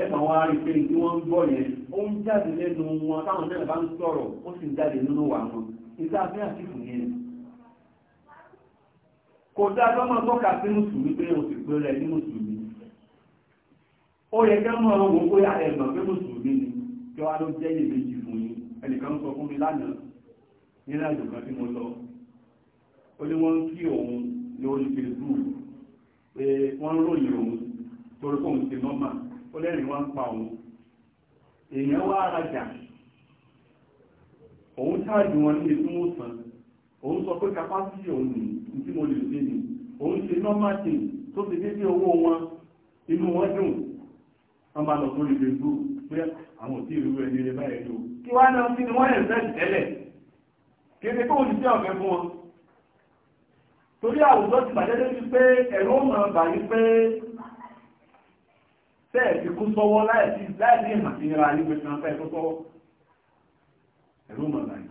ẹ̀mọ̀ wọn á rí pé tí wọ́n ń gbọ́ yẹn ó ń jáde lẹ́nu wọn táwọn náà bá ń sọ̀rọ̀ ó sì ń jáde nínú wà wọn ìta fẹ́ àtìkù yẹn kò dá lọ́mọ tọ́ka sí mùsùlùmí pé o sì pé rẹ̀ ní mùsùlùmí ó yẹ kẹ́ mọ́ ọ̀rọ̀ wọn pé ẹ̀mọ̀ pé mùsùlùmí ni kí wọ́n á ló jẹ́ yè méjì fún yín ẹnìkan sọ fún mi lánàá nínú àjò kan tí mo lọ ó ní wọ́n ń kí òun lórí Facebook pé wọ́n ń ròyìn òun torí kóun ti nọ́mà ó lẹ́rìn wá ń pa òun èèyàn wá arajà òun táàdì wọn ní ètò wọn òun sọ pé capacity òun ní tí mo lè ṣe ni òun ṣe normal thing tó ti dédé owó wọn inú wọn dùn wọn bá lọ sórí facebook pé àwọn òtí ìlú ẹni rẹ báyìí lò kí wá náà kí ni wọ́n yẹn fẹ́ tẹ́lẹ̀ kí ni kóhùn ọ̀fẹ́ fún wọn torí àwùjọ ti bàjẹ́ débi pé ẹ̀rọ ọ̀nà bàyí pé tẹ́ẹ̀fi kú sọ́wọ́ láìsí láìsí ìmọ̀ sí nira ní pẹ̀sì náà tẹ́ẹ̀kú sọ́wọ́ ẹ̀rú mọ̀ láì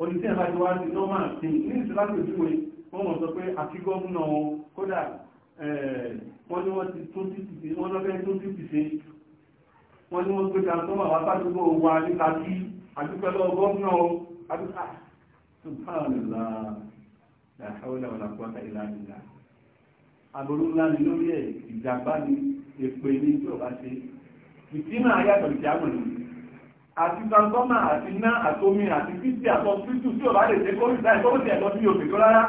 oníṣẹ́ ìbá ti wá sí normal thing ní ìṣẹ́ láti ojúwe wọ́n mọ̀ sọ pé àti gómìnà wọn kódà wọ́n ní wọ́n ti tó títì sí wọ́n lọ́fẹ́ tó títì sí wọ́n ní wọ́n gbé ta tó wà wá gbogbo wa níta sí àdúpẹ́ lọ gómìnà wọn àdúpẹ́ subhanallah la hawla wala quwwata illa billah aburú ńlá ni lórí ẹ̀ ìjàmbá ni èpè ní tí ò bá ṣe ìtínà ayàtọ̀ ìjà mọ̀ ní àti transformer àti iná àtomi àti fífi àtọ fífi tí ò bá lè ṣe kó ìdá ìtọ́wọ́ sí ẹ̀kọ́ sí òkè tó rárá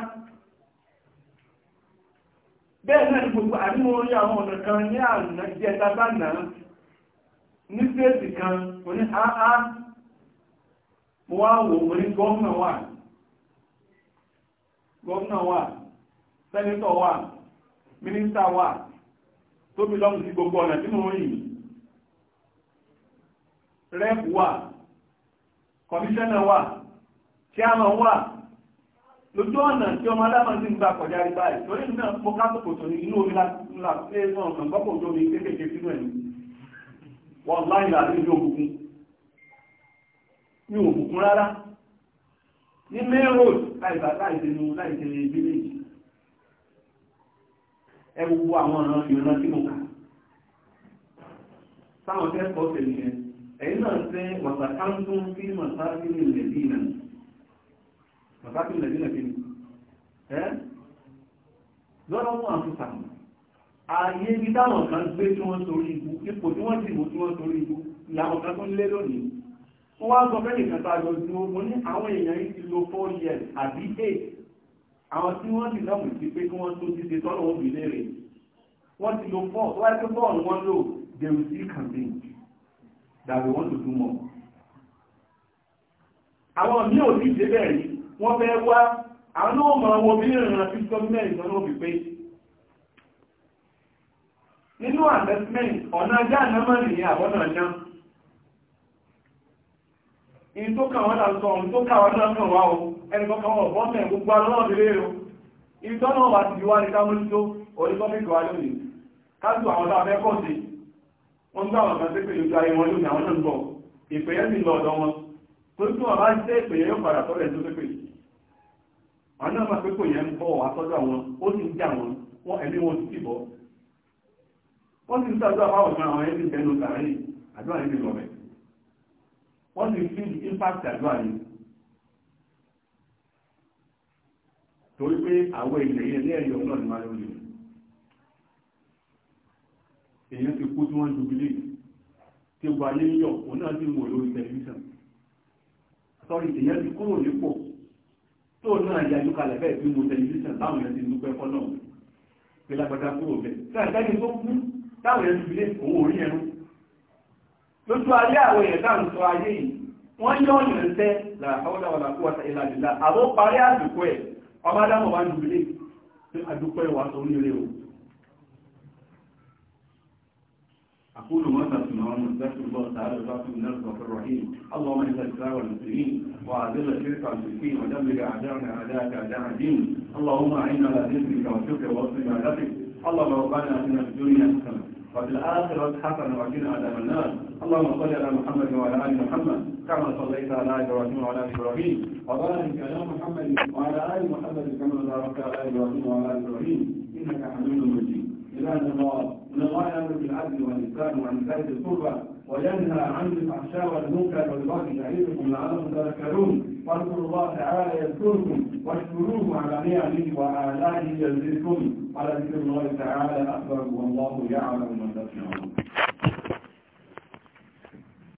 bẹ́ẹ̀ náà ni gbogbo àdínwó orí àwọn ọ̀nà kan ní àrùn jẹta bá nà ní fèsì kan kò ní àá mo wá wò mo ní gọ́ọ̀nà wà gọ́ọ̀nà wà sẹ́nitọ̀ wà mínísítà wà tóbi lọ́mù sí gbogbo ọ̀nà tí mo ń yìn rep wà kọmíṣánná wà chairman wà lójú ọ̀nà tí ọmọ adámọ̀ sí ń gba kọjá rí báyìí torí náà mo ká tó kòtò ní inú omi la pé náà kàn gbọ́pọ̀ ojú omi kéékèèké sínú ẹ̀mí wọ́n láì láti ní òkùnkùn ní òkùnkùn rárá ní main road láìsí nínú láìsí village ẹ gbogbo àwọn ọ̀nà ìran tí mo kà sáwọn kẹ́kọ̀ọ́ tẹ̀lé yẹn ẹ̀yìn náà ṣe wàtàkántún kí màtàkìlì lẹ̀bí náà màtàkìlì lẹ̀bí náà kìlì ẹ́ lọ́dọ̀ mú àfúsà ààyè ibi táwọn kan gbé tí wọ́n torí ibu ipò tí wọ́n sì mú tí wọ́n torí ibu làwọn kan tó ń lé lónìí wọ́n wá sọ fẹ́ nìkan tá a lọ dúró mo ní àwọn èèyàn yìí ti lo four years àbí eight àwọn tí wọ́n ti lọ́mù sí pé kí wọ́n tó ti ṣe tọ́lọ̀ wọ́n bí léèrè wọ́n ti lo bọ́ọ̀ tó wáyé pé bọ́ọ̀lù wọ́n lò they will still campaign that we want to do more. àwọn míì ò ní ìdébẹ̀ rí wọ́n fẹ́ wá àwọn náà mọ̀ wọn bí ìrìnà fi gọ́ọ̀mẹ̀ntì náà ló fi pé nínú assessment ọ̀nà ajá àná mọ́ nìyẹn àbọ̀nà náà in tó kà wọ́n náà tó kà wọ́n wá o ẹnìkan kan wọ́n bọ́ọ̀tẹ̀ gbogbo alọ́ọ̀dì lérò ìtọ́ náà wà sí wá ní kámúlító oníkọ́míkì wá lónìí àwọn tàbẹ́ kọ́ sí wọ́n gbá àwọn kan sí pé ìjọ ayé wọn lónìí àwọn náà ń bọ̀ ìpèyẹ́ sì lọ ọ̀dọ̀ wọn tó tí wọ́n bá jẹ́ ìpèyẹ́ yóò padà tọ́lẹ̀ tó pépè àwọn náà máa pépè yẹn ń bọ̀ wá àwọn ó sì ń jà wọn ẹ̀mí wọn sì bọ́ wọ́n sì ń sàdúrà fáwọn kan àwọn ẹni bẹnu sàárè àdúrà yìí lọ what do you impact àdúrà yìí torí pé àwọn èèyàn yẹn ní ẹ̀yọ̀ náà ni wọ́n lò lè èèyàn ti kú tí wọ́n jubilé tí gbogbo ayé ń yọ̀ òun náà sì ń wò tẹlifíṣàn sọ́rí èèyàn ti kúrò nípò tó náà yájú kalẹ̀ bẹ́ẹ̀ tí mo tẹlifíṣàn táwọn èèyàn ti dúpẹ́ fọ́nà pé lágbàdá kúrò bẹ́ẹ̀ tí àgbáyé tó kú táwọn èèyàn jubilé òun ò rí ẹnu lójú ayé àwọn èèyàn dáà ń sọ ayé yìí wọ́n yọ́ ìrìnsẹ́ làkàwọ́dáwọ́dá kó wata ilá ìlà àbó parí àdùkú ẹ̀ ọba dámọ̀ wá jùlé ní àdùkú ẹ̀ wà tó ní ilé o أقول ما تسمعون استغفر الله تعالى ولكم من الغفور الرحيم اللهم إنا الإسلام والمسلمين وأذل الشرك والمشركين ودمر أعداءنا أعداءك أعداء الدين اللهم أعنا على ذكرك وشكرك وحسن عبادتك اللهم ربنا آتنا في الدنيا حسنة وفي الآخرة حسنة وقنا عذاب النار اللهم صل على محمد وعلى آل محمد كما صليت على إبراهيم وعلى آل إبراهيم وبارك على محمد وعلى آل محمد كما باركت على إبراهيم وعلى آل إبراهيم إنك حميد مجيد أن الله إن الله يأمر بالعدل والإحسان وعن ذي القربى وينهى عن الفحشاء والمنكر والبغي يعظكم لعلكم تذكرون واذكروا الله تعالى يذكركم واشكروه على نعمه وآلائه يزدكم على ذكر الله تعالى أكبر والله يعلم ما تصنعون